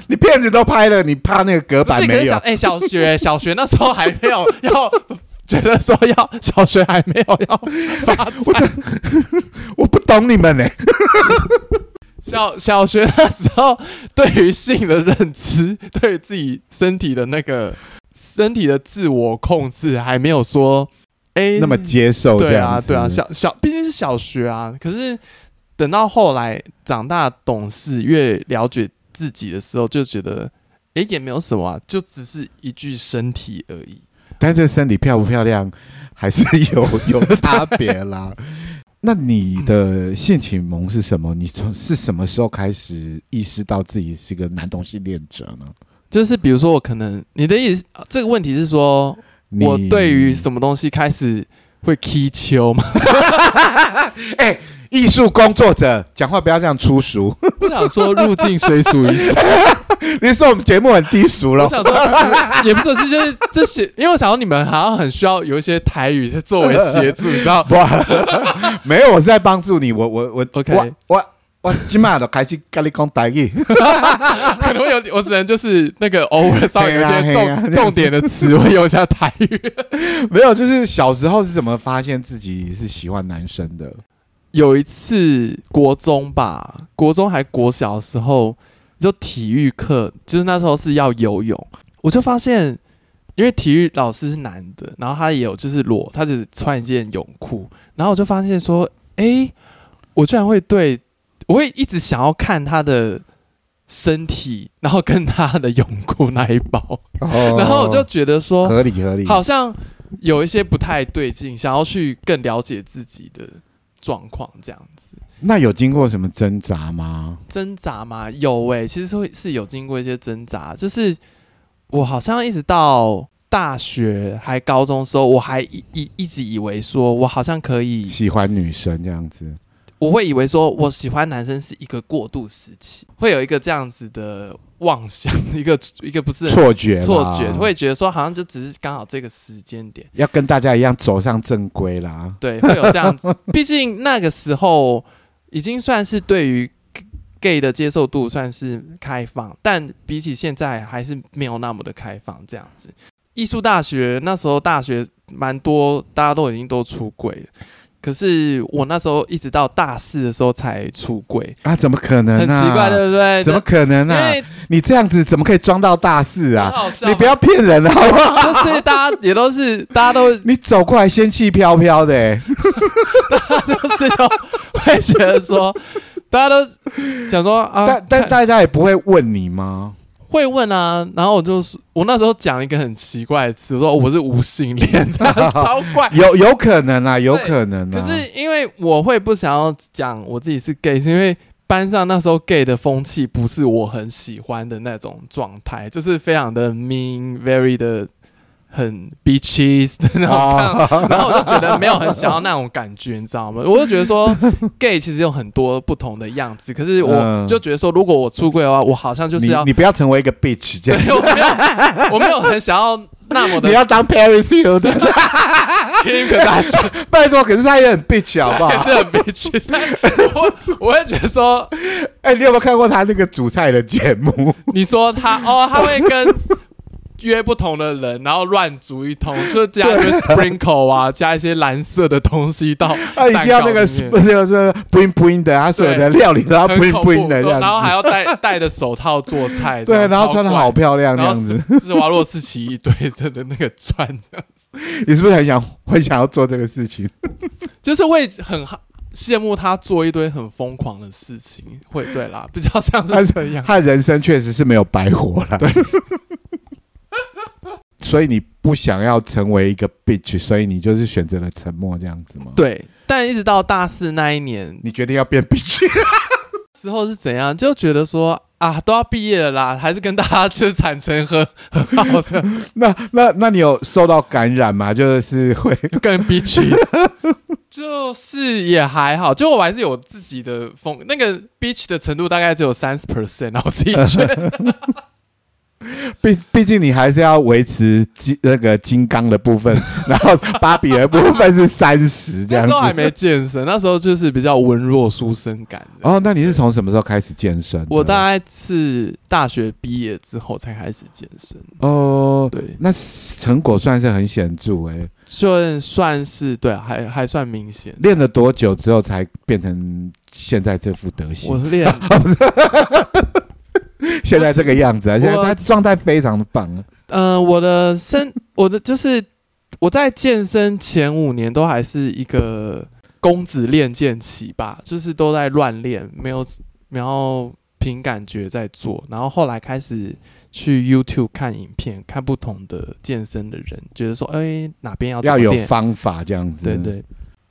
你片子都拍了，你怕那個隔板沒有？哎、欸，小學小學那時候還沒有要 覺得說要小學還沒有要發、欸、我，我不懂你們呢、欸。 小小學那時候對於性的認知，對自己身體的那個身體的自我控制還沒有說哎、欸、那麼接受。對啊，對啊，小小畢竟是小學啊，可是。等到後來長大懂事越了解自己的時候，就覺得，哎、欸，也沒有什麼啊，就只是一具身體而已。但是身體漂不漂亮還是有有差別啦。 那你的性啟蒙是什麼？你從是什麼時候開始意識到自己是個男同性戀者呢？就是比如說，我可能你的意思、啊，這個問題是說，你我對於什麼東西開始會苛求嗎？ 欸藝術工作者講話不要這樣粗俗。我想說入境隨俗一下。 你說我們節目很低俗了？我想說也不是，是就是這些，因為我想說你們好像很需要有一些台語作為協助， 你知道不？沒有，我是在幫助你。我我 okay. 我 OK，我我今嘛，就開始跟你講台語。可 能 有，我只能就是那個偶爾稍微有些重 重點的詞會有一下台語。 沒有，就是小時候是怎麼發現自己是喜歡男生的？有一次國中吧，國中還國小的時候，就體育課，就是那時候是要游泳。我就發現，因為體育老師是男的，然後他也有就是裸，他只穿一件泳褲。然後我就發現說，哎、欸，我居然會對，我會一直想要看他的身體，然後跟他的泳褲那一包。Oh, 然後我就覺得說，合理合理，好像有一些不太對勁，想要去更了解自己的。狀況這樣子，那有經過什麼掙扎嗎？掙扎嗎？有誒、欸，其實是會是有經過一些掙扎，就是我好像一直到大學還高中的時候，我還一一一直以為說我好像可以喜歡女生這樣子。我會以為說，我喜歡男生是一個過渡時期，會有一個這樣子的妄想，一個一個不是錯覺錯覺，會覺得說好像就只是剛好這個時間點要跟大家一樣走上正軌啦。對，會有這樣子，畢竟那個時候已經算是對於 gay 的接受度算是開放，但比起現在還是沒有那麼的開放。這樣子，藝術大學那時候大學蠻多，大家都已經都出櫃了。可是我那時候一直到大四的時候才出櫃啊！怎麼可能、啊？很奇怪，對不對？怎麼可能呢、啊？因為你這樣子怎麼可以裝到大四啊？你不要騙人了 好不好？就是大家也都是，大家都你走過來仙飄飄，仙氣飄飄的，哈大家都 會覺得說，大家都想說啊，但但大家也不會問你嗎？會問啊，然後我就是我那時候講了一個很奇怪的詞，我說我是無性戀， 這樣超怪， 有有可能啊，有可能啊。啊。可是因為我會不想要講我自己是 gay，是因為班上那時候 gay 的風氣不是我很喜歡的那種狀態，就是非常的 mean，very 的。很 bitchy，真的，然後我就覺得沒有很想要那種感覺，你知道嗎？我就覺得說 gay 其實有很多不同的樣子，可是我就覺得說，如果我出櫃的話，我好像就是要，要你，你不要成為一個 bitch 這樣。我沒有，我沒有很想要那麼的。你要當 Paris Hilton 的，哈哈哈哈哈哈！拜托，可是他也很 bitch，好不好？是很 bitch。我我會覺得說，哎，你有沒有看過他那個煮菜的節目？你說他哦，他會跟。約不同的人，然後亂煮一通，就是加一些 sprinkle 啊，對加一些藍色的東西到。他、啊、一定要那個，不對是是 bling bling 的，他對、啊、所有的料理都要 bling bling 的這樣子。然後還要戴戴着手套做菜。對，然後穿得好漂亮這樣子。是，是瓦洛斯基一堆真的那個穿這樣子。你是不是很想會想要做這個事情？就是會很羨慕他做一堆很瘋狂的事情，會對啦，比較像這樣。他人生確實是沒有白活了。對。 所以你不想要成為一個 bitch，所以你就是選擇了沉默這樣子嗎？對，但一直到大四那一年，你決定要變 bitch 時候是怎樣？就覺得說啊，都要畢業了啦，還是跟大家去產生和好喝 那。那那那你有受到感染嗎？就是會更 bitch， 就是也還好，就我還是有自己的風。那個 bitch 的程度大概只有三十 percent，我自己覺得。 畢畢竟你還是要維持金那個金剛的部分，然後芭比的部分是三十這樣子。 那時候還沒健身，那時候就是比較文弱書生感。哦，那你是從什麼時候開始健身？我大概是大學畢業之後才開始健身。對哦，對，那成果算是很顯著誒，算算是對，還還算明顯。練了多久之後才變成現在這副德行？我練。 現在這個樣子啊，現在狀態非常的棒啊。呃，我的身，我的就是我在健身前五年都還是一個公子練劍起吧，就是都在亂練，沒有，然後憑感覺在做，然後後來開始去 YouTube 看影片，看不同的健身的人，覺得說，哎，哪邊要要有方法這樣子，對對，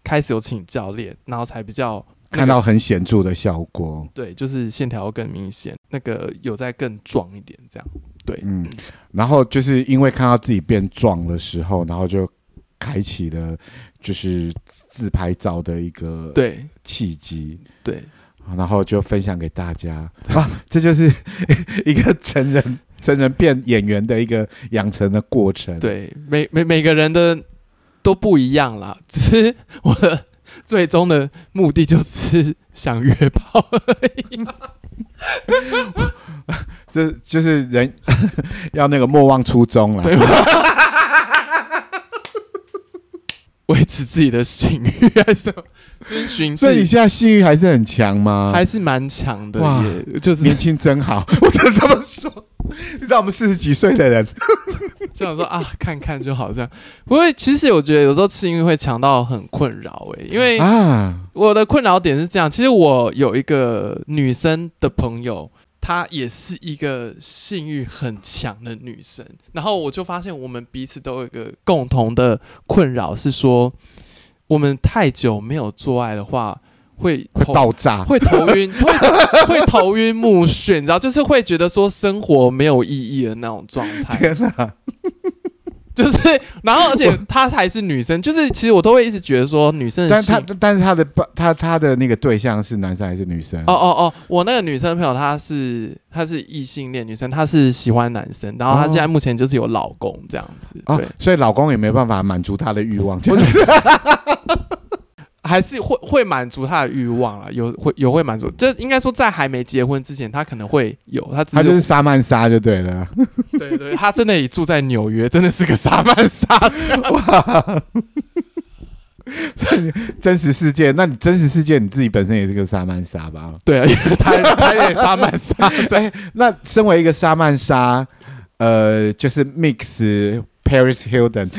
開始有請教練，然後才比較。那個、看到很顯著的效果，對，就是線條更明顯，那個有在更壯一點，這樣，對，嗯，然後就是因為看到自己變壯的時候，然後就開啟了就是自拍照的一個對契機，對，然後就分享給大家對啊，這就是一個成人成人變演員的一個養成的過程，對，每每每個人的都不一樣啦，只是我的。 最終的目的就是想約炮而已，啊， 這就是人要那個莫忘初衷了，維對吧 持自己的性慾還是遵循。所以你現在性慾還是很強嗎？還是蠻強的哇！就是年輕真好， 我只能這麼說。 你知道我們四十幾歲的人。 就想說啊，看看就好，這樣。不會，其實我覺得有時候性慾會強到很困擾誒、欸，因為我的困擾點是這樣。其實我有一個女生的朋友，她也是一個性慾很強的女生，然後我就發現我們彼此都有一個共同的困擾，是說我們太久沒有做愛的話，會爆到炸，會 會，會頭暈，會會頭暈目眩，你知道，就是會覺得說生活沒有意義的那種狀態。天哪笑就是，然後而且她還是女生，就是其實我都會一直覺得說女生但，但她但是她的她她的那個對象是男生還是女生？哦哦哦，我那個女生的朋友她是她是異性戀女生，她是喜歡男生，然後她現在目前就是有老公，oh. 這樣子，對，oh, 所以老公也沒辦法滿足她的欲望。 還是會會滿足他的慾望了，有會有會滿足，這應該說在還沒結婚之前，他可能會有他。他就是沙曼莎就對了， 對對，他真的也住在紐約，真的是個沙曼莎哇！ 所以真實世界，那你真實世界你自己本身也是個沙曼莎吧？對啊，他他也莎曼莎。哎， 那身為一個沙曼莎，呃，就是 Mix Paris Hilton。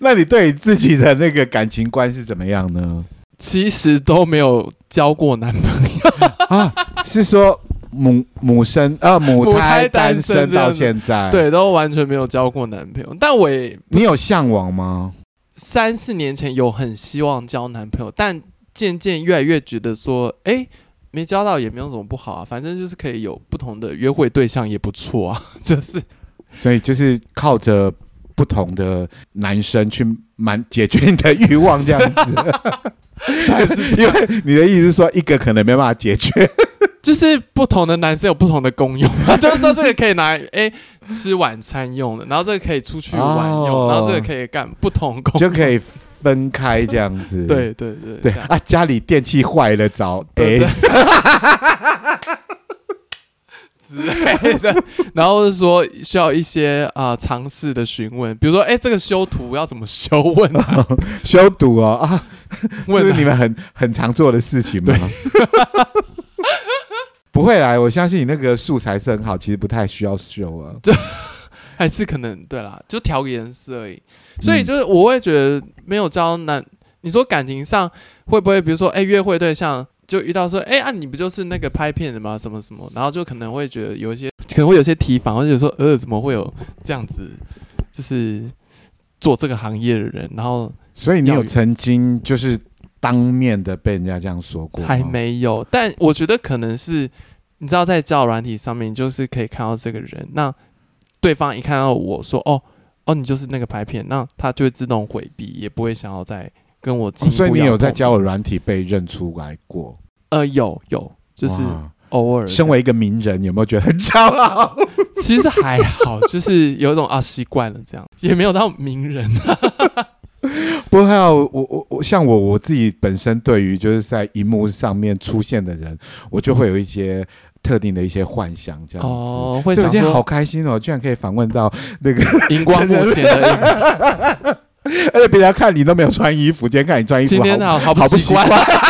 那你對你自己的那個感情觀是怎麼樣呢？其實都沒有交過男朋友 啊，是說母母生呃、啊、母胎單身到現在，對，都完全沒有交過男朋友。但我也你有嚮往嗎？三四年前有很希望交男朋友，但漸漸越來越覺得說，哎，沒交到也沒有什麼不好啊，反正就是可以有不同的約會對象也不錯啊，就是，所以就是靠着。不同的男生去滿解決你的慾望這樣子， 因為你的意思是說一個可能沒辦法解決，就是不同的男生有不同的功用 就是說這個可以拿哎吃晚餐用的，然後這個可以出去玩用，然後這個可以幹不同功、哦，就可以分開這樣子， 對對對對樣啊，家裡電器壞了找 A。對對對 之 類的，然後是說需要一些啊嘗試的詢問，比如說，哎、欸，這個修圖要怎麼修？問、哦修讀哦、啊，修圖啊啊，問是，是你們很很常做的事情嗎？不會來，我相信你那個素材是很好，其實不太需要修啊就，還是可能對啦，就調個顏色而已。所以就是，我會覺得沒有招男，嗯，你說感情上會不會，比如說，哎、欸，約會對象？就遇到說，哎、欸、啊，你不就是那個拍片的嗎？什麼什麼，然後就可能會覺得有一些，可能會有些提防，或者說，呃，怎麼會有這樣子，就是做這個行業的人，然後，所以你有曾經就是當面的被人家這樣說過？還沒有，但我覺得可能是，你知道在交友軟體上面，就是可以看到這個人，那對方一看到我說，哦，哦，你就是那個拍片，那他就會自動回避，也不會想要再跟我進、哦，所以你有在交友軟體被認出來過？呃，有有，就是哇偶爾。身為一個名人，有沒有覺得很驕傲？ 其實還好，就是有一種啊習慣了這樣，也沒有到名人。 不過還有，我我我像我我自己本身對於就是在熒幕上面出現的人，我就會有一些特定的一些幻想這樣，嗯。哦，首先好開心哦，啊、居然可以訪問到那個熒光幕前的。 而且別人看你都沒有穿衣服，今天看你穿衣服，今天好好不習慣。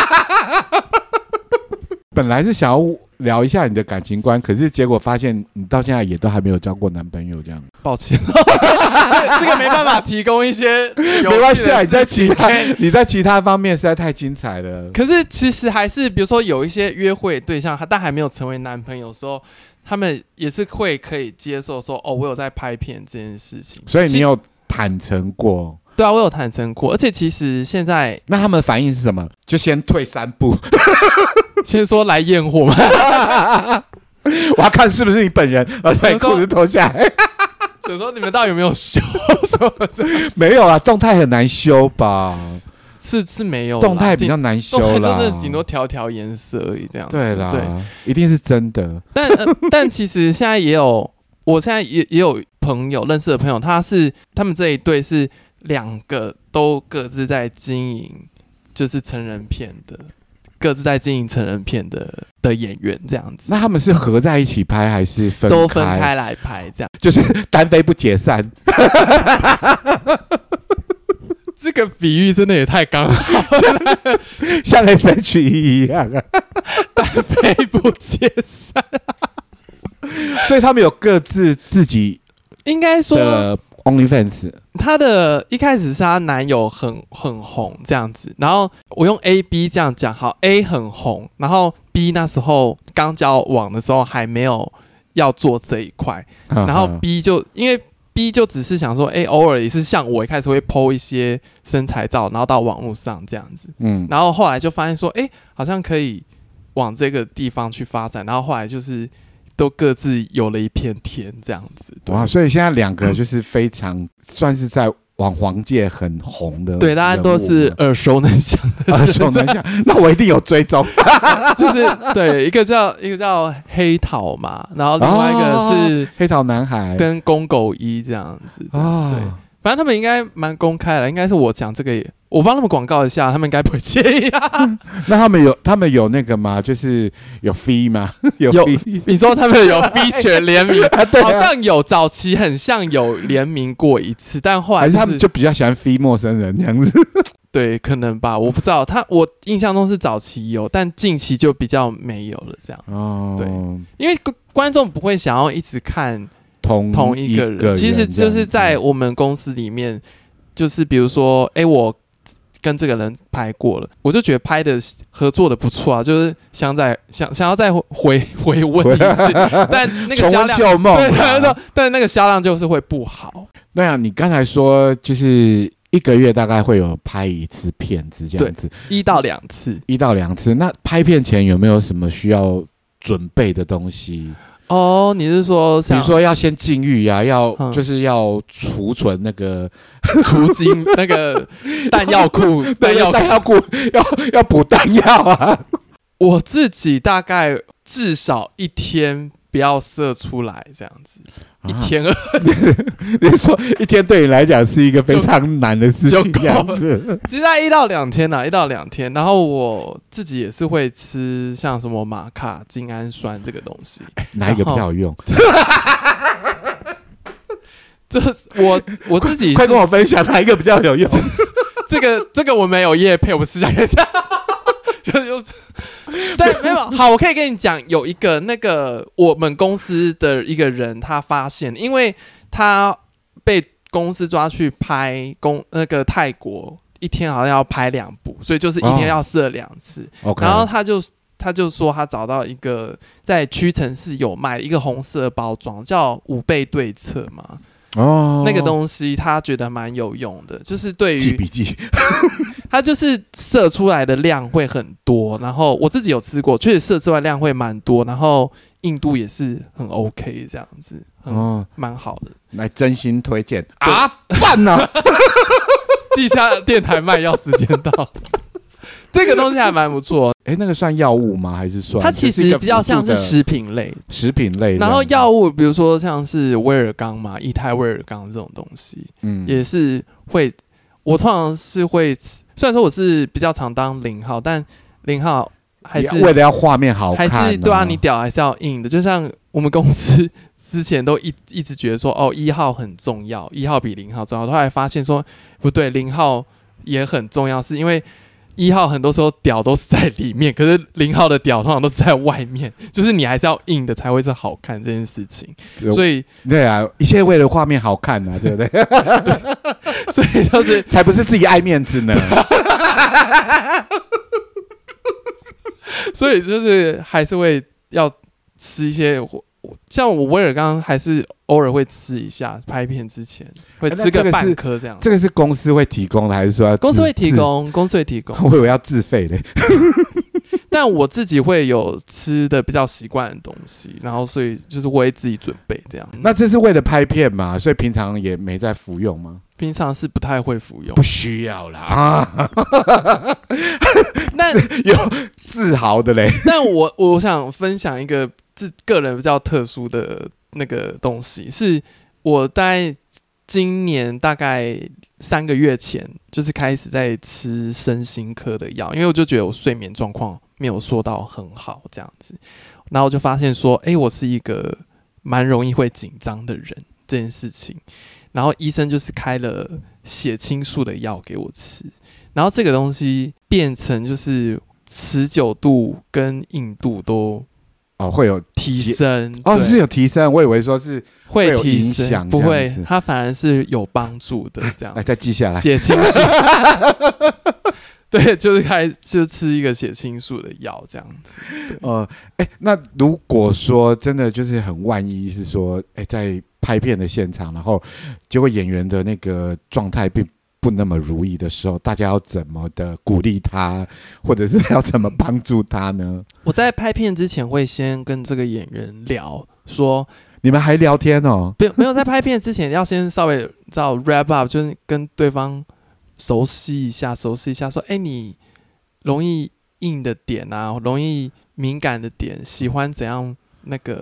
本來是想要聊一下你的感情觀，可是結果發現你到現在也都還沒有交過男朋友，這樣抱歉，這這個沒辦法提供一些。沒關係啊，你在其他天 你在其他方面實在太精彩了。可是其實還是比如說有一些約會對象，他但還沒有成為男朋友的時候，他們也是會可以接受說哦，我有在拍片這件事情。所以你有坦誠過其？嗯對啊，我有坦誠過，而且其實現在，那他們的反應是什麼？就先退三步，先說來驗貨嘛，我要看是不是你本人，把那褲子脫下來。所以說你們到底有沒有修？沒有啊，動態很難修吧？是，是沒有，動態比較難修，就是的頂多調調顏色而已。這樣對對，一定是真的。但但其實現在也有，我現在也也有朋友認識的朋友，他是他們這一對是。兩個都各自在經營，就是成人片的，各自在經營成人片的的演員這樣子。那他們是合在一起拍，還是分都分開來拍？這樣就是單飛不解散。 這個比喻真的也太剛好， 像 S.H.E 一樣、啊， 單飛不解散。 所以他們有各自自己，應該說。OnlyFans，她的一開始是她男友很很紅這樣子，然後我用 A B 這樣講，好 A 很紅，然後 B 那時候剛交往的時候還沒有要做這一塊，嗯、然後 B 就因為 B 就只是想說，誒、欸，偶爾也是像我一開始會 PO 一些身材照，然後到網絡上這樣子，嗯，然後後來就發現說，誒、欸，好像可以往這個地方去發展，然後後來就是。都各自有了一片天，這樣子啊！所以現在兩個就是非常、嗯、算是在網黃界很紅的，對，物大家都是耳熟能詳的，耳熟能詳。 那我一定有追蹤， 就是對一個叫一個叫黑桃嘛，然後另外一個是黑桃男孩跟公狗一這樣子對，反正他們應該蠻公開了，應該是我講這個也。我幫他們廣告一下，他們該不會介意啊？ 那他們有他們有那個嗎？就是有 fee 嗎？ 有，fee？有你說他們有 fee 全聯名、 啊、好像有早期很像有聯名過一次，但後來、就是、還是他們就比較喜歡 fee 陌生人這樣子。 對，可能吧，我不知道。他我印象中是早期有，但近期就比較沒有了這樣子。哦、對，因為觀眾不會想要一直看同一同一個人。其實就是在我們公司裡面，就是比如說，哎、欸，我。跟這個人拍過了，我就覺得拍的合作的不錯啊，就是想再想想要再回回溫一次， 但那個銷量，對，但那個銷量就是會不好。那樣，你剛才說就是一個月大概會有拍一次片子這樣子，一到兩次，一到兩次，次。那拍片前有沒有什麼需要準備的東西？哦，你是說，比如說要先禁欲呀？啊、要、嗯、就是要儲存那個除菌，金 那個彈藥庫，彈藥彈藥庫要要補彈藥啊 ！我自己大概至少一天。不要射出來這樣子，啊、一天而已。你，你說一天對你來講是一個非常難的事情這樣子，其實在一到兩天啦，一到兩天，然後我自己也是會吃像什麼瑪卡、精氨酸這個東西，哪一個比較有用？這我我自己快跟我分享哪一個比較有用？這個這個我沒有業配，我們是想一下。 就用，但 沒有，好，我可以跟你講，有一個那個我們公司的一個人，他發現，因為他被公司抓去拍公那個泰國，一天好像要拍兩部，所以就是一天要射兩次。Oh. Okay. 然後他就他就說，他找到一個在屈臣氏有賣一個紅色包裝叫五倍對策嘛。哦，oh. 那個東西他覺得蠻有用的，就是對於記筆記。 它就是射出來的量會很多，然後我自己有吃過，確實射出來量會蠻多，然後硬度也是很 OK 這樣子，嗯，蠻、哦、好的，來真心推薦啊，讚吶！地下電台賣藥時間到， 這個東西還蠻不錯，哎、欸，那個算藥物嗎？還是算？它其實比較像是食品類，食品類。然後藥物，比如說像是威爾剛嘛，一態威爾剛這種東西，嗯，也是會。我通常是會，雖然說我是比較常當零號，但零號還是為了要畫面好看啊，還是，對啊，你屌還是要硬的。就像我們公司之前都一一直覺得說，哦，一號很重要，一號比零號重要，後來發現說不對，零號也很重要，是因為。一號很多時候屌都是在裡面，可是零號的屌通常都是在外面，就是你還是要硬的才會是好看這件事情。是所以，對啊，一切為了畫面好看啊，對不對？ 對，所以就是才不是自己愛面子呢。 所以就是還是會要吃一些，像我威爾剛，剛還是。偶爾會吃一下，拍片之前會吃個半顆這樣子。啊，那這個是，這樣。這個是公司會提供的還是說公司會提供？自，公司會提供。我以為要自費嘞。 但我自己會有吃的比較習慣的東西，然後所以就是為自己準備這樣。那這是為了拍片嗎？所以平常也沒在服用嗎？平常是不太會服用，不需要啦。 那有自豪的嘞。但我我想分享一個自個人比較特殊的。那個東西是我在今年大概三個月前，就是開始在吃身心科的藥，因為我就覺得我睡眠狀況沒有說到很好這樣子，然後我就發現說，誒，我是一個蠻容易會緊張的人這件事情，然後醫生就是開了血清素的藥給我吃，然後這個東西變成就是持久度跟硬度都。哦，會有提升，提升哦，對是有提升，我以為說是會，有影會提升，不會，他反而是有幫助的這樣。來，再記下來，血清素。 對，就是開就吃一個血清素的藥這樣子。哦，哎、呃欸，那如果說真的就是很萬一是說，哎、欸，在拍片的現場，然後結果演員的那個狀態並。不那麼如意的時候，大家要怎麼的鼓勵他，或者是要怎麼幫助他呢？我在拍片之前會先跟這個演員聊，說。你們還聊天哦？沒有，在拍片之前要先稍微叫 wrap up， 就是跟對方熟悉一下，熟悉一下，說哎、欸，你容易硬的點啊，容易敏感的點，喜歡怎樣那個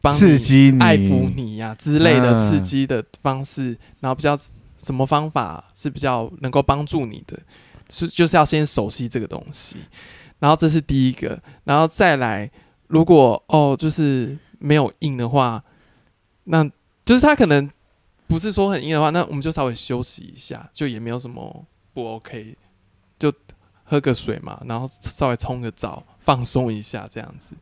幫、啊，幫刺激你、愛撫你呀之類的刺激的方式，嗯、然後比較。什麼方法是比較能夠幫助你的？是，就是要先熟悉這個東西，然後這是第一個，然後再來，如果，哦，就是沒有硬的話，那，就是他可能不是說很硬的話，那我們就稍微休息一下，就也沒有什麼不 OK，就喝個水嘛，然後稍微沖個澡，放鬆一下這樣子。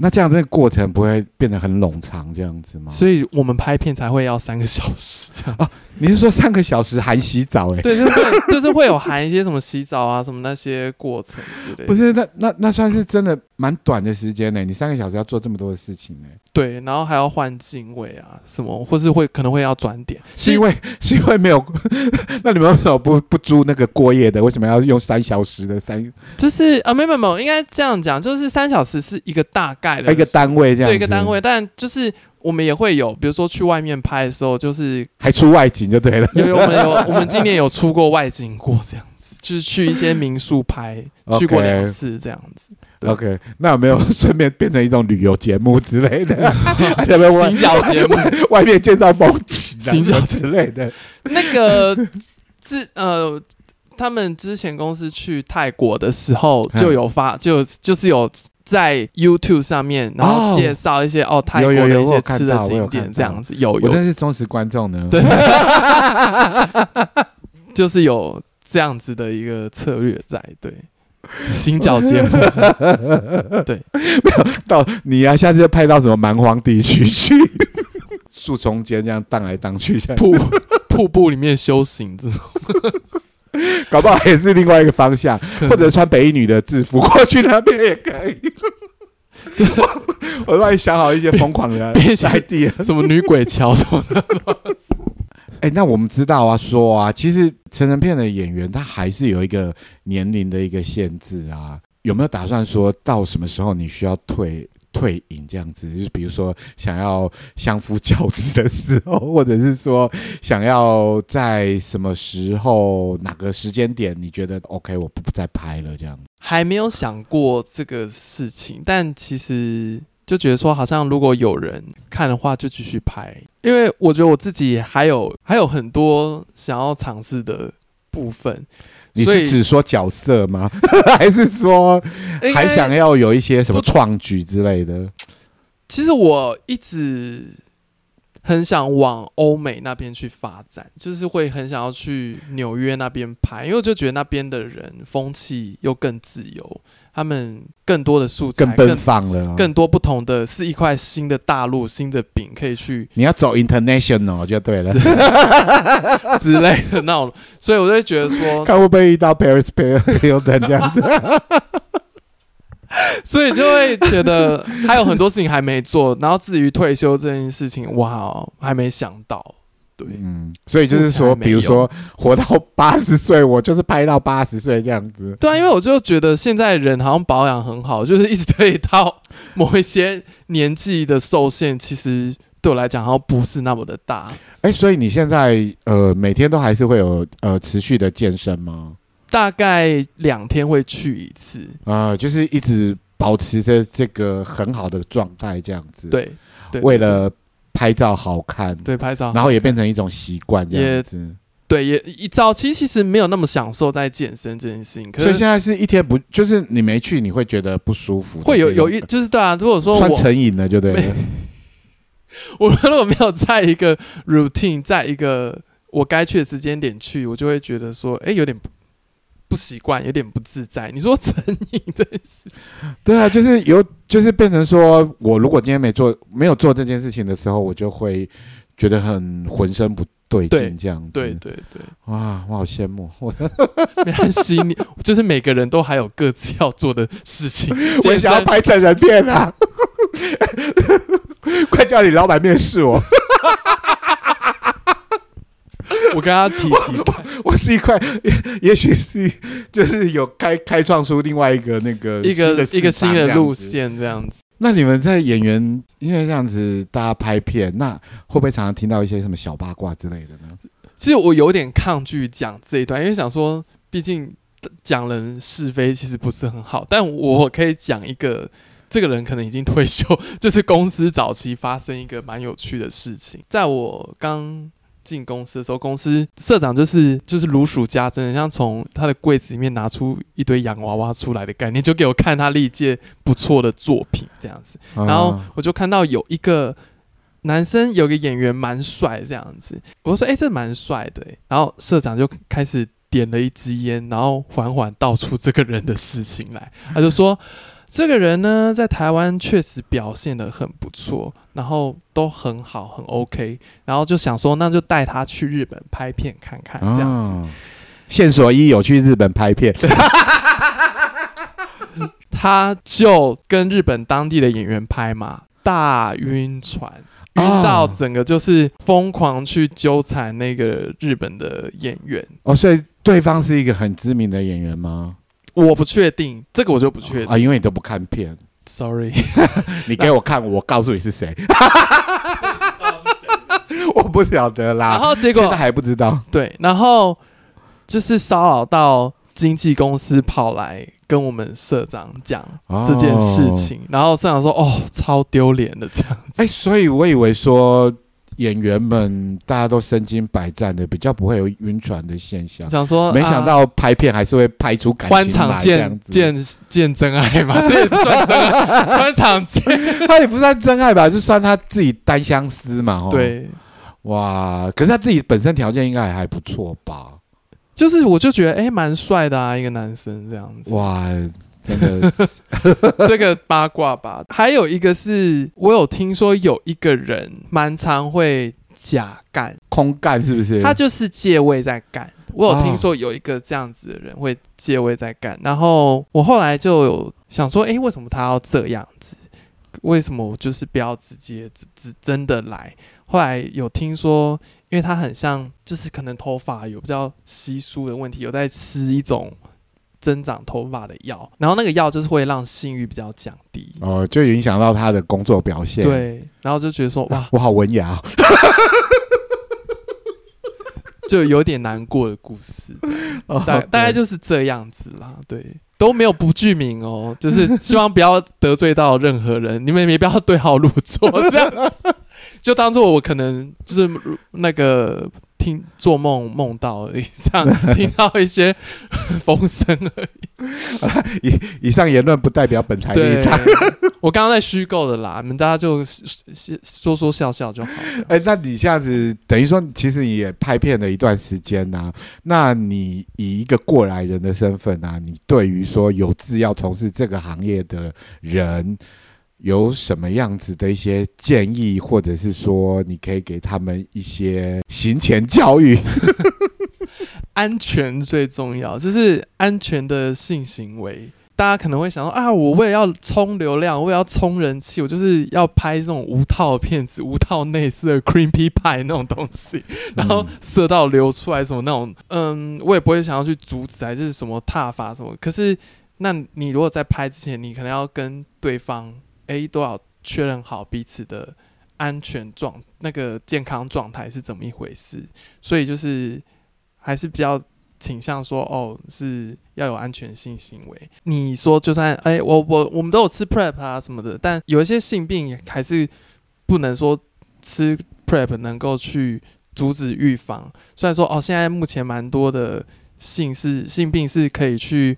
那這樣這個過程不會變得很冗長這樣子嗎？所以我們拍片才會要三個小時這樣、啊、你是說三個小時還洗澡哎、欸？對，就是 就是會有含一些什麼洗澡啊什麼那些過程之類的。不是，那那那算是真的蠻短的時間呢、欸？你三個小時要做這麼多的事情哎、欸？對，然後還要換鏡位啊什麼，或是會可能會要轉點，是因為，因為是因為沒有？ 那你們為什麼不不租那個過夜的？為什麼要用三小時的三？就是啊、呃，沒有沒有沒有，應該這樣講，就是三小時是一個大概。啊、一個單位這樣，對一個單位，但就是我們也會有，比如說去外面拍的時候，就是還出外景就對了。因為 我們有我們今年有出過外景過這樣子，就是去一些民宿拍，Okay. 去過兩次這樣子。OK，那有沒有順便變成一種旅遊節目之類的？ 行腳節目，外面見到風景、行腳之類的。那個之呃，他們之前公司去泰國的時候就有發， 就就是有。在 YouTube 上面，然後介紹一些哦，哦泰國的一些吃的景點這樣子，有有，但是忠實觀眾呢。對， 就是有這樣子的一個策略在，對，行腳節目，對， 沒有到你啊，下次就派到什麼蠻荒地區去，樹叢間這樣盪來盪去，像瀑瀑布裡面修行這種。 搞不好也是另外一個方向，能或者穿北衣女的制服過去那邊也可以。的我我萬一想好一些瘋狂的變小啊，idea 什麼女鬼橋什麼的。哎、 欸，那我們知道啊，說啊，其實成人片的演員他還是有一個年齡的一個限制啊。有沒有打算說到什麼時候你需要退？退隱這樣子，就是、比如說想要相夫教子的時候，或者是說想要在什麼時候哪個時間點，你覺得 OK，我不再拍了這樣。還沒有想過這個事情，但其實就覺得說，好像如果有人看的話，就繼續拍，因為我覺得我自己還有還有很多想要嘗試的部分。你是只說角色嗎？ 還是說還想要有一些什麼創舉之類的？欸？其實我一直。很想往歐美那邊去發展，就是會很想要去紐約那邊拍，因為我就覺得那邊的人風氣又更自由，他們更多的素材更奔放了，哦、更，更多不同的是一塊新的大陸、新的餅可以去。你要走 International 就對了，之類的， 之類的那種，所以我就覺得說，看會不會遇到 Paris Paris 又等 n 這樣子？ 所以就會覺得還有很多事情還沒做， 然後至於退休這件事情，哇，還沒想到。對，嗯，所以就是說，比如說活到八十歲，我就是拍到八十歲這樣子。對啊，因為我就覺得現在人好像保養很好，就是一直對到某一些年紀的受限，其實對我來講好像不是那麼的大。哎、欸，所以你現在呃每天都還是會有呃持續的健身嗎？大概兩天會去一次啊、呃，就是一直保持着這個很好的狀態，這樣子。對，對對對，為了拍照好看，對拍照，然後也變成一種習慣，這樣子。對，也一早期其實沒有那麼享受在健身這件事情，所以現在是一天不，就是你沒去，你會覺得不舒服。會有有一就是對啊，如果說我算成癮了，就對了我。我如果沒有在一個 routine，在一個我該去的時間點去，我就會覺得說，哎，有點。不習慣，有點不自在。你說成癮這件事情，對啊，就是有，就是變成說，我如果今天沒做，沒有做這件事情的時候，我就會覺得很渾身不對勁，對這樣。對對對，哇，我好羨慕，很吸引。 你就是每個人都還有各自要做的事情。我想要拍成人片啊， 快叫你老闆面試我。 我跟他提，提，我是一塊，也，也許是就是有開開創出另外一個那個一個一個新的路線這樣子。那你們在演員，因為這樣子大家拍片，那會不會常常聽到一些什麼小八卦之類的呢？其實我有點抗拒講這一段，因為想說，畢竟講人是非其實不是很好。但我可以講一個，嗯、這個人可能已經退休，就是公司早期發生一個蠻有趣的事情，在我剛。進公司的時候，公司社長就是就是如數家珍，像從他的櫃子裡面拿出一堆洋娃娃出來的概念，就給我看他歷屆不錯的作品這樣子。然後我就看到有一個男生，有個演員蠻帥這樣子，我說：“誒、欸，這蠻帥的、欸。”然後社長就開始點了一支煙，然後緩緩道出這個人的事情來，他就說。這個人呢，在台灣確實表現得很不錯，然後都很好，很 OK，然後就想說，那就帶他去日本拍片看看，哦、這樣子。線索一有去日本拍片， 他就跟日本當地的演員拍嘛，大暈船，暈到整個就是瘋狂去糾纏那個日本的演員。哦，所以對方是一個很知名的演員嗎？我不確定這個，我就不確定、哦、啊，因為你都不看片。Sorry， 你給我看，那我告訴你是誰。 我不曉得啦。然後結果現在還不知道。對，然後就是騷擾到經紀公司跑來跟我們社長講這件事情，哦、然後社長說：“哦，超丟臉的這樣子。”哎、欸，所以我以為說。演員們大家都身經百戰的，比較不會有暈船的現象。想說沒想到拍片還是會拍出感情來這樣子。見見真愛嘛， 這也算真愛。歡 場見，他也不算真愛吧，就算他自己單相思嘛。對，哇！可是他自己本身條件應該也還,還不錯吧？就是我就覺得，哎、欸，蠻帥的啊，一個男生這樣子。哇！這個八卦吧，還有一個是，我有聽說有一個人蠻常會假幹空幹，是不是？他就是借位在幹。我有聽說有一個這樣子的人會借位在幹，哦、然後我後來就有想說，哎、欸，為什麼他要這樣子？為什麼我就是不要直接只、只真的來？後來有聽說，因為他很像，就是可能頭髮有比較稀疏的問題，有在吃一種。增長頭髮的藥，然後那個藥就是會讓性慾比較降低哦，就影響到他的工作表現。對，然後就覺得說哇、啊，我好文雅， 就有點難過的故事，大大概就是這樣子啦。對，都沒有不具名哦，就是希望不要得罪到任何人， 你們也不要對號入座，這樣就當做我可能就是那個。做夢夢到而已，這樣聽到一些風聲而已。以、 啊、以上言論不代表本台立場。我剛剛在虛構的啦，你們大家就說說笑笑就好。哎、欸，那你下次等於說，其實也拍片了一段時間吶、啊。那你以一個過來人的身份吶、啊，你對於說有志要從事這個行業的人。有什麼樣子的一些建議，或者是說，你可以給他們一些行前教育？ 安全最重要，就是安全的性行為。大家可能會想說啊，我為了要衝流量，我也要衝人氣，我就是要拍這種無套片子，無套內射的 creampie 那種東西，嗯、然後色到流出來什麼那種。嗯，我也不會想要去阻止，還是什麼踏法什麼。可是，那你如果在拍之前，你可能要跟對方。誒，都要確認好彼此的安全狀，那個健康狀態是怎麼一回事？所以就是還是比較傾向說，哦，是要有安全性行為。你說就算，誒，我我我們都有吃 Prep 啊什麼的，但有一些性病還是不能說吃 Prep 能夠去阻止預防。雖然說哦，現在目前蠻多的性是性病是可以去。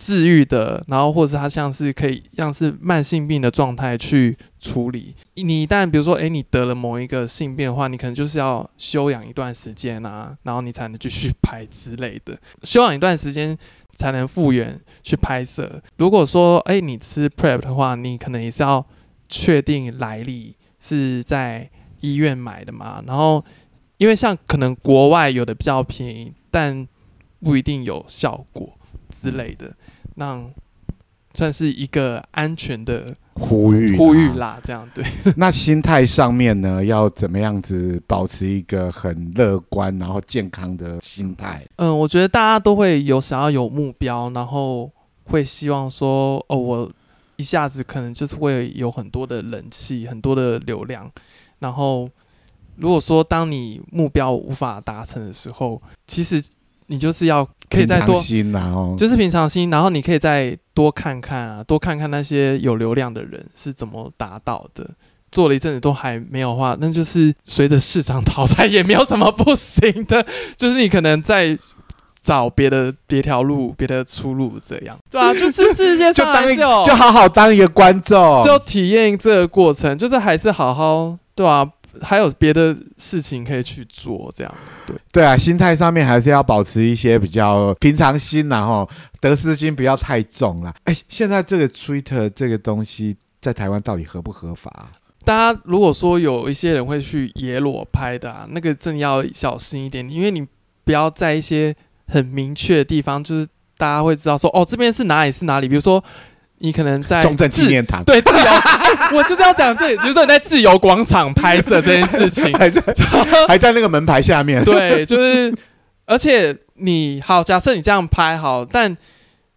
治癒的，然後或者它像是可以像是慢性病的狀態去處理。你一旦比如說，哎，你得了某一個性病的話，你可能就是要休養一段時間啊，然後你才能繼續拍之類的。休養一段時間才能復原去拍攝。如果說，哎，你吃 prep 的話，你可能也是要確定來歷是在醫院買的嘛。然後因為像可能國外有的比較便宜，但不一定有效果。之類的，那算是一個安全的呼籲啦，呼籲啦，這樣對。那心態上面呢，要怎麼樣子保持一個很樂觀，然後健康的心態？嗯，我覺得大家都會有想要有目標，然後會希望說，哦，我一下子可能就是會有很多的人氣，很多的流量。然後，如果說當你目標無法達成的時候，其實。你就是要可以再多，就是平常心，然後你可以再多看看啊，多看看那些有流量的人是怎麼達到的。做了一陣子都還沒有話，那就是隨着市場淘汰也沒有什麼不行的，就是你可能在找別的別條路、別的出路這樣。對啊，就是世界上，就，就當一，就好好當一個觀眾，就體驗這個過程，就是還是好好，對啊。還有別的事情可以去做。這樣，對對啊，心態上面還是要保持一些比較平常心，然後得失心不要太重啦。哎，現在這個 Twitter 這個東西在台灣到底合不合法？大家如果說有一些人會去野裸拍的啊，那個真的要小心一點，因為你不要在一些很明確的地方，就是大家會知道說，哦，這邊是哪裡是哪裡，比如說。你可能在中正紀念堂對自由，對啊、 我就是要講這，就是說你在自由廣場拍攝這件事情，還在還在那個門牌下面。 對，就是，而且你好，假設你這樣拍好，但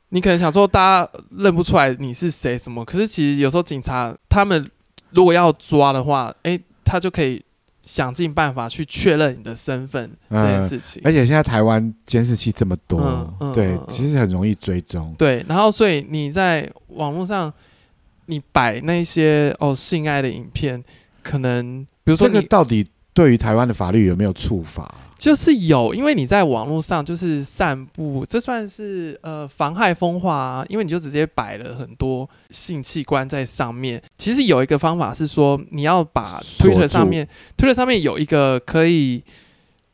你可能想說大家認不出來你是誰什麼，可是其實有時候警察他們如果要抓的話，誒，他就可以。想盡辦法去確認你的身份、嗯、這件事情，而且現在台灣監視器這麼多，嗯、對，嗯、其實很容易追蹤。對，然後所以你在網絡上，你擺那些哦性愛的影片，可能比如說你這個到底。對於台灣的法律有沒有處罰？就是有，因為你在網絡上就是散布，這算是呃妨害風化、啊，因為你就直接擺了很多性器官在上面。其實有一個方法是說，你要把 Twitter 上面住，Twitter 上面有一個可以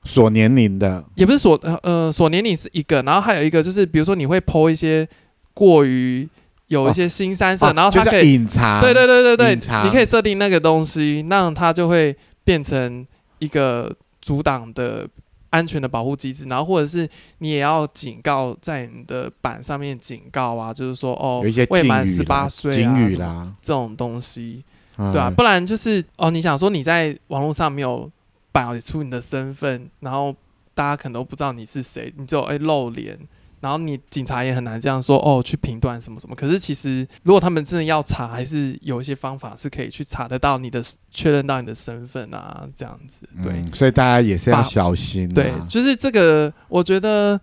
鎖年齡的，也不是鎖呃鎖年齡是一個，然後還有一個就是，比如說你會剖一些過於有一些性暗示，啊、然後它可以、啊、就隱藏，對對對對對，隱藏你可以設定那個東西，讓它就會。變成一個阻擋的、安全的保護機制，然後或者是你也要警告，在你的板上面警告啊，就是說哦，未滿十八歲啊，這種東西，嗯、對啊。不然就是哦，你想說你在網絡上沒有擺出你的身份，然後大家可能都不知道你是誰，你只有哎露臉。然後你警察也很難這樣說哦，去評斷什麼什麼。可是其實，如果他們真的要查，還是有一些方法是可以去查得到你的，確認到你的身份啊，這樣子。對，嗯，所以大家也是要小心啊。對，就是這個，我覺得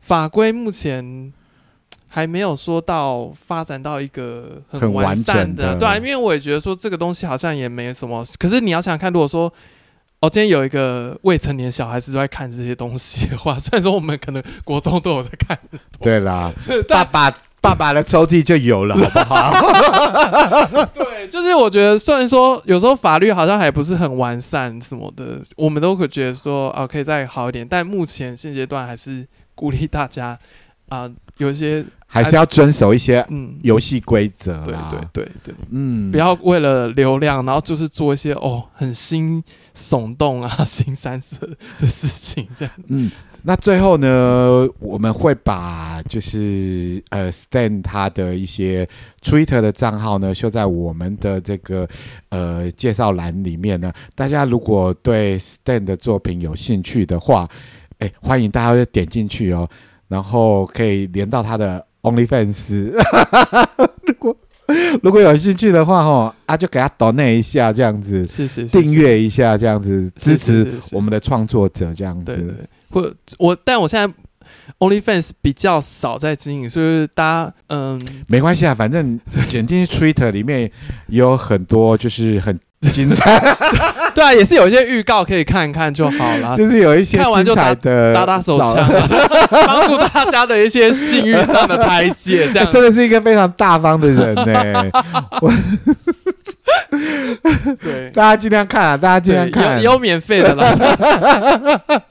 法規目前還沒有說到發展到一個很完善的，的對。因為我也覺得說這個東西好像也沒什麼。可是你要想想看，如果說。哦，今天有一個未成年小孩子在看這些東西的話，雖然說我們可能國中都有在看，對啦，但爸爸 爸爸的抽屜就有了，好不好？對，就是我覺得，雖然說有時候法律好像還不是很完善什麼的，我們都會覺得說哦、啊，可以再好一點，但目前現階段還是鼓勵大家。啊，有一些還是要遵守一些、啊、嗯遊戲規則，對對對對，嗯，不要為了流量，然後就是做一些哦很新聳動啊腥羶色的事情這樣。嗯，那最後呢，我們會把就是呃 Stand 他的一些 Twitter 的賬號呢，秀在我們的這個呃介紹欄裡面呢，大家如果對 Stand 的作品有興趣的話，欸、歡迎大家就點進去哦。然後可以連到他的 OnlyFans，如果如果有興趣的話，吼啊，就給他 Donate 一下這樣子，是是,是是，訂閱一下這樣子，支持我們的創作者是是是是這樣子，或我,我，但我現在。OnlyFans 比較少在經營，所以大家嗯，沒關係啊，反正剪輯 Twitter 裡面有很多就是很精彩，對啊，也是有一些預告可以看一看就好了，就是有一些精彩的打打手槍，幫助大家的一些性慾上的排解，這樣真的是一個非常大方的人呢。對，大家盡量看啊，大家盡量看，也有免費的了。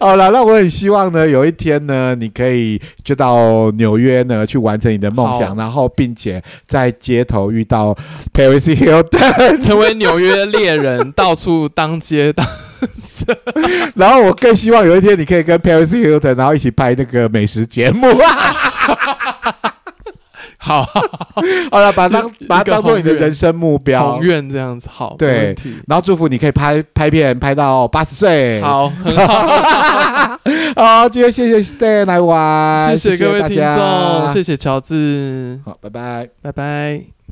好了，那我很希望呢，有一天呢，你可以就到紐約呢、嗯、去完成你的夢想，好然後並且在街頭遇到 Paris Hilton，成為紐約獵人， 到處當街當色。 然後我更希望有一天你可以跟 Paris Hilton，然後一起拍那個美食節目 好好了，把它把它當做你的人生目標，永遠這樣子，好。對，然後祝福你可以拍拍片，拍到八十歲。好，很好。 好，今天謝謝 Stand 來玩，謝謝各位聽眾，謝謝喬治。好，拜拜，拜拜。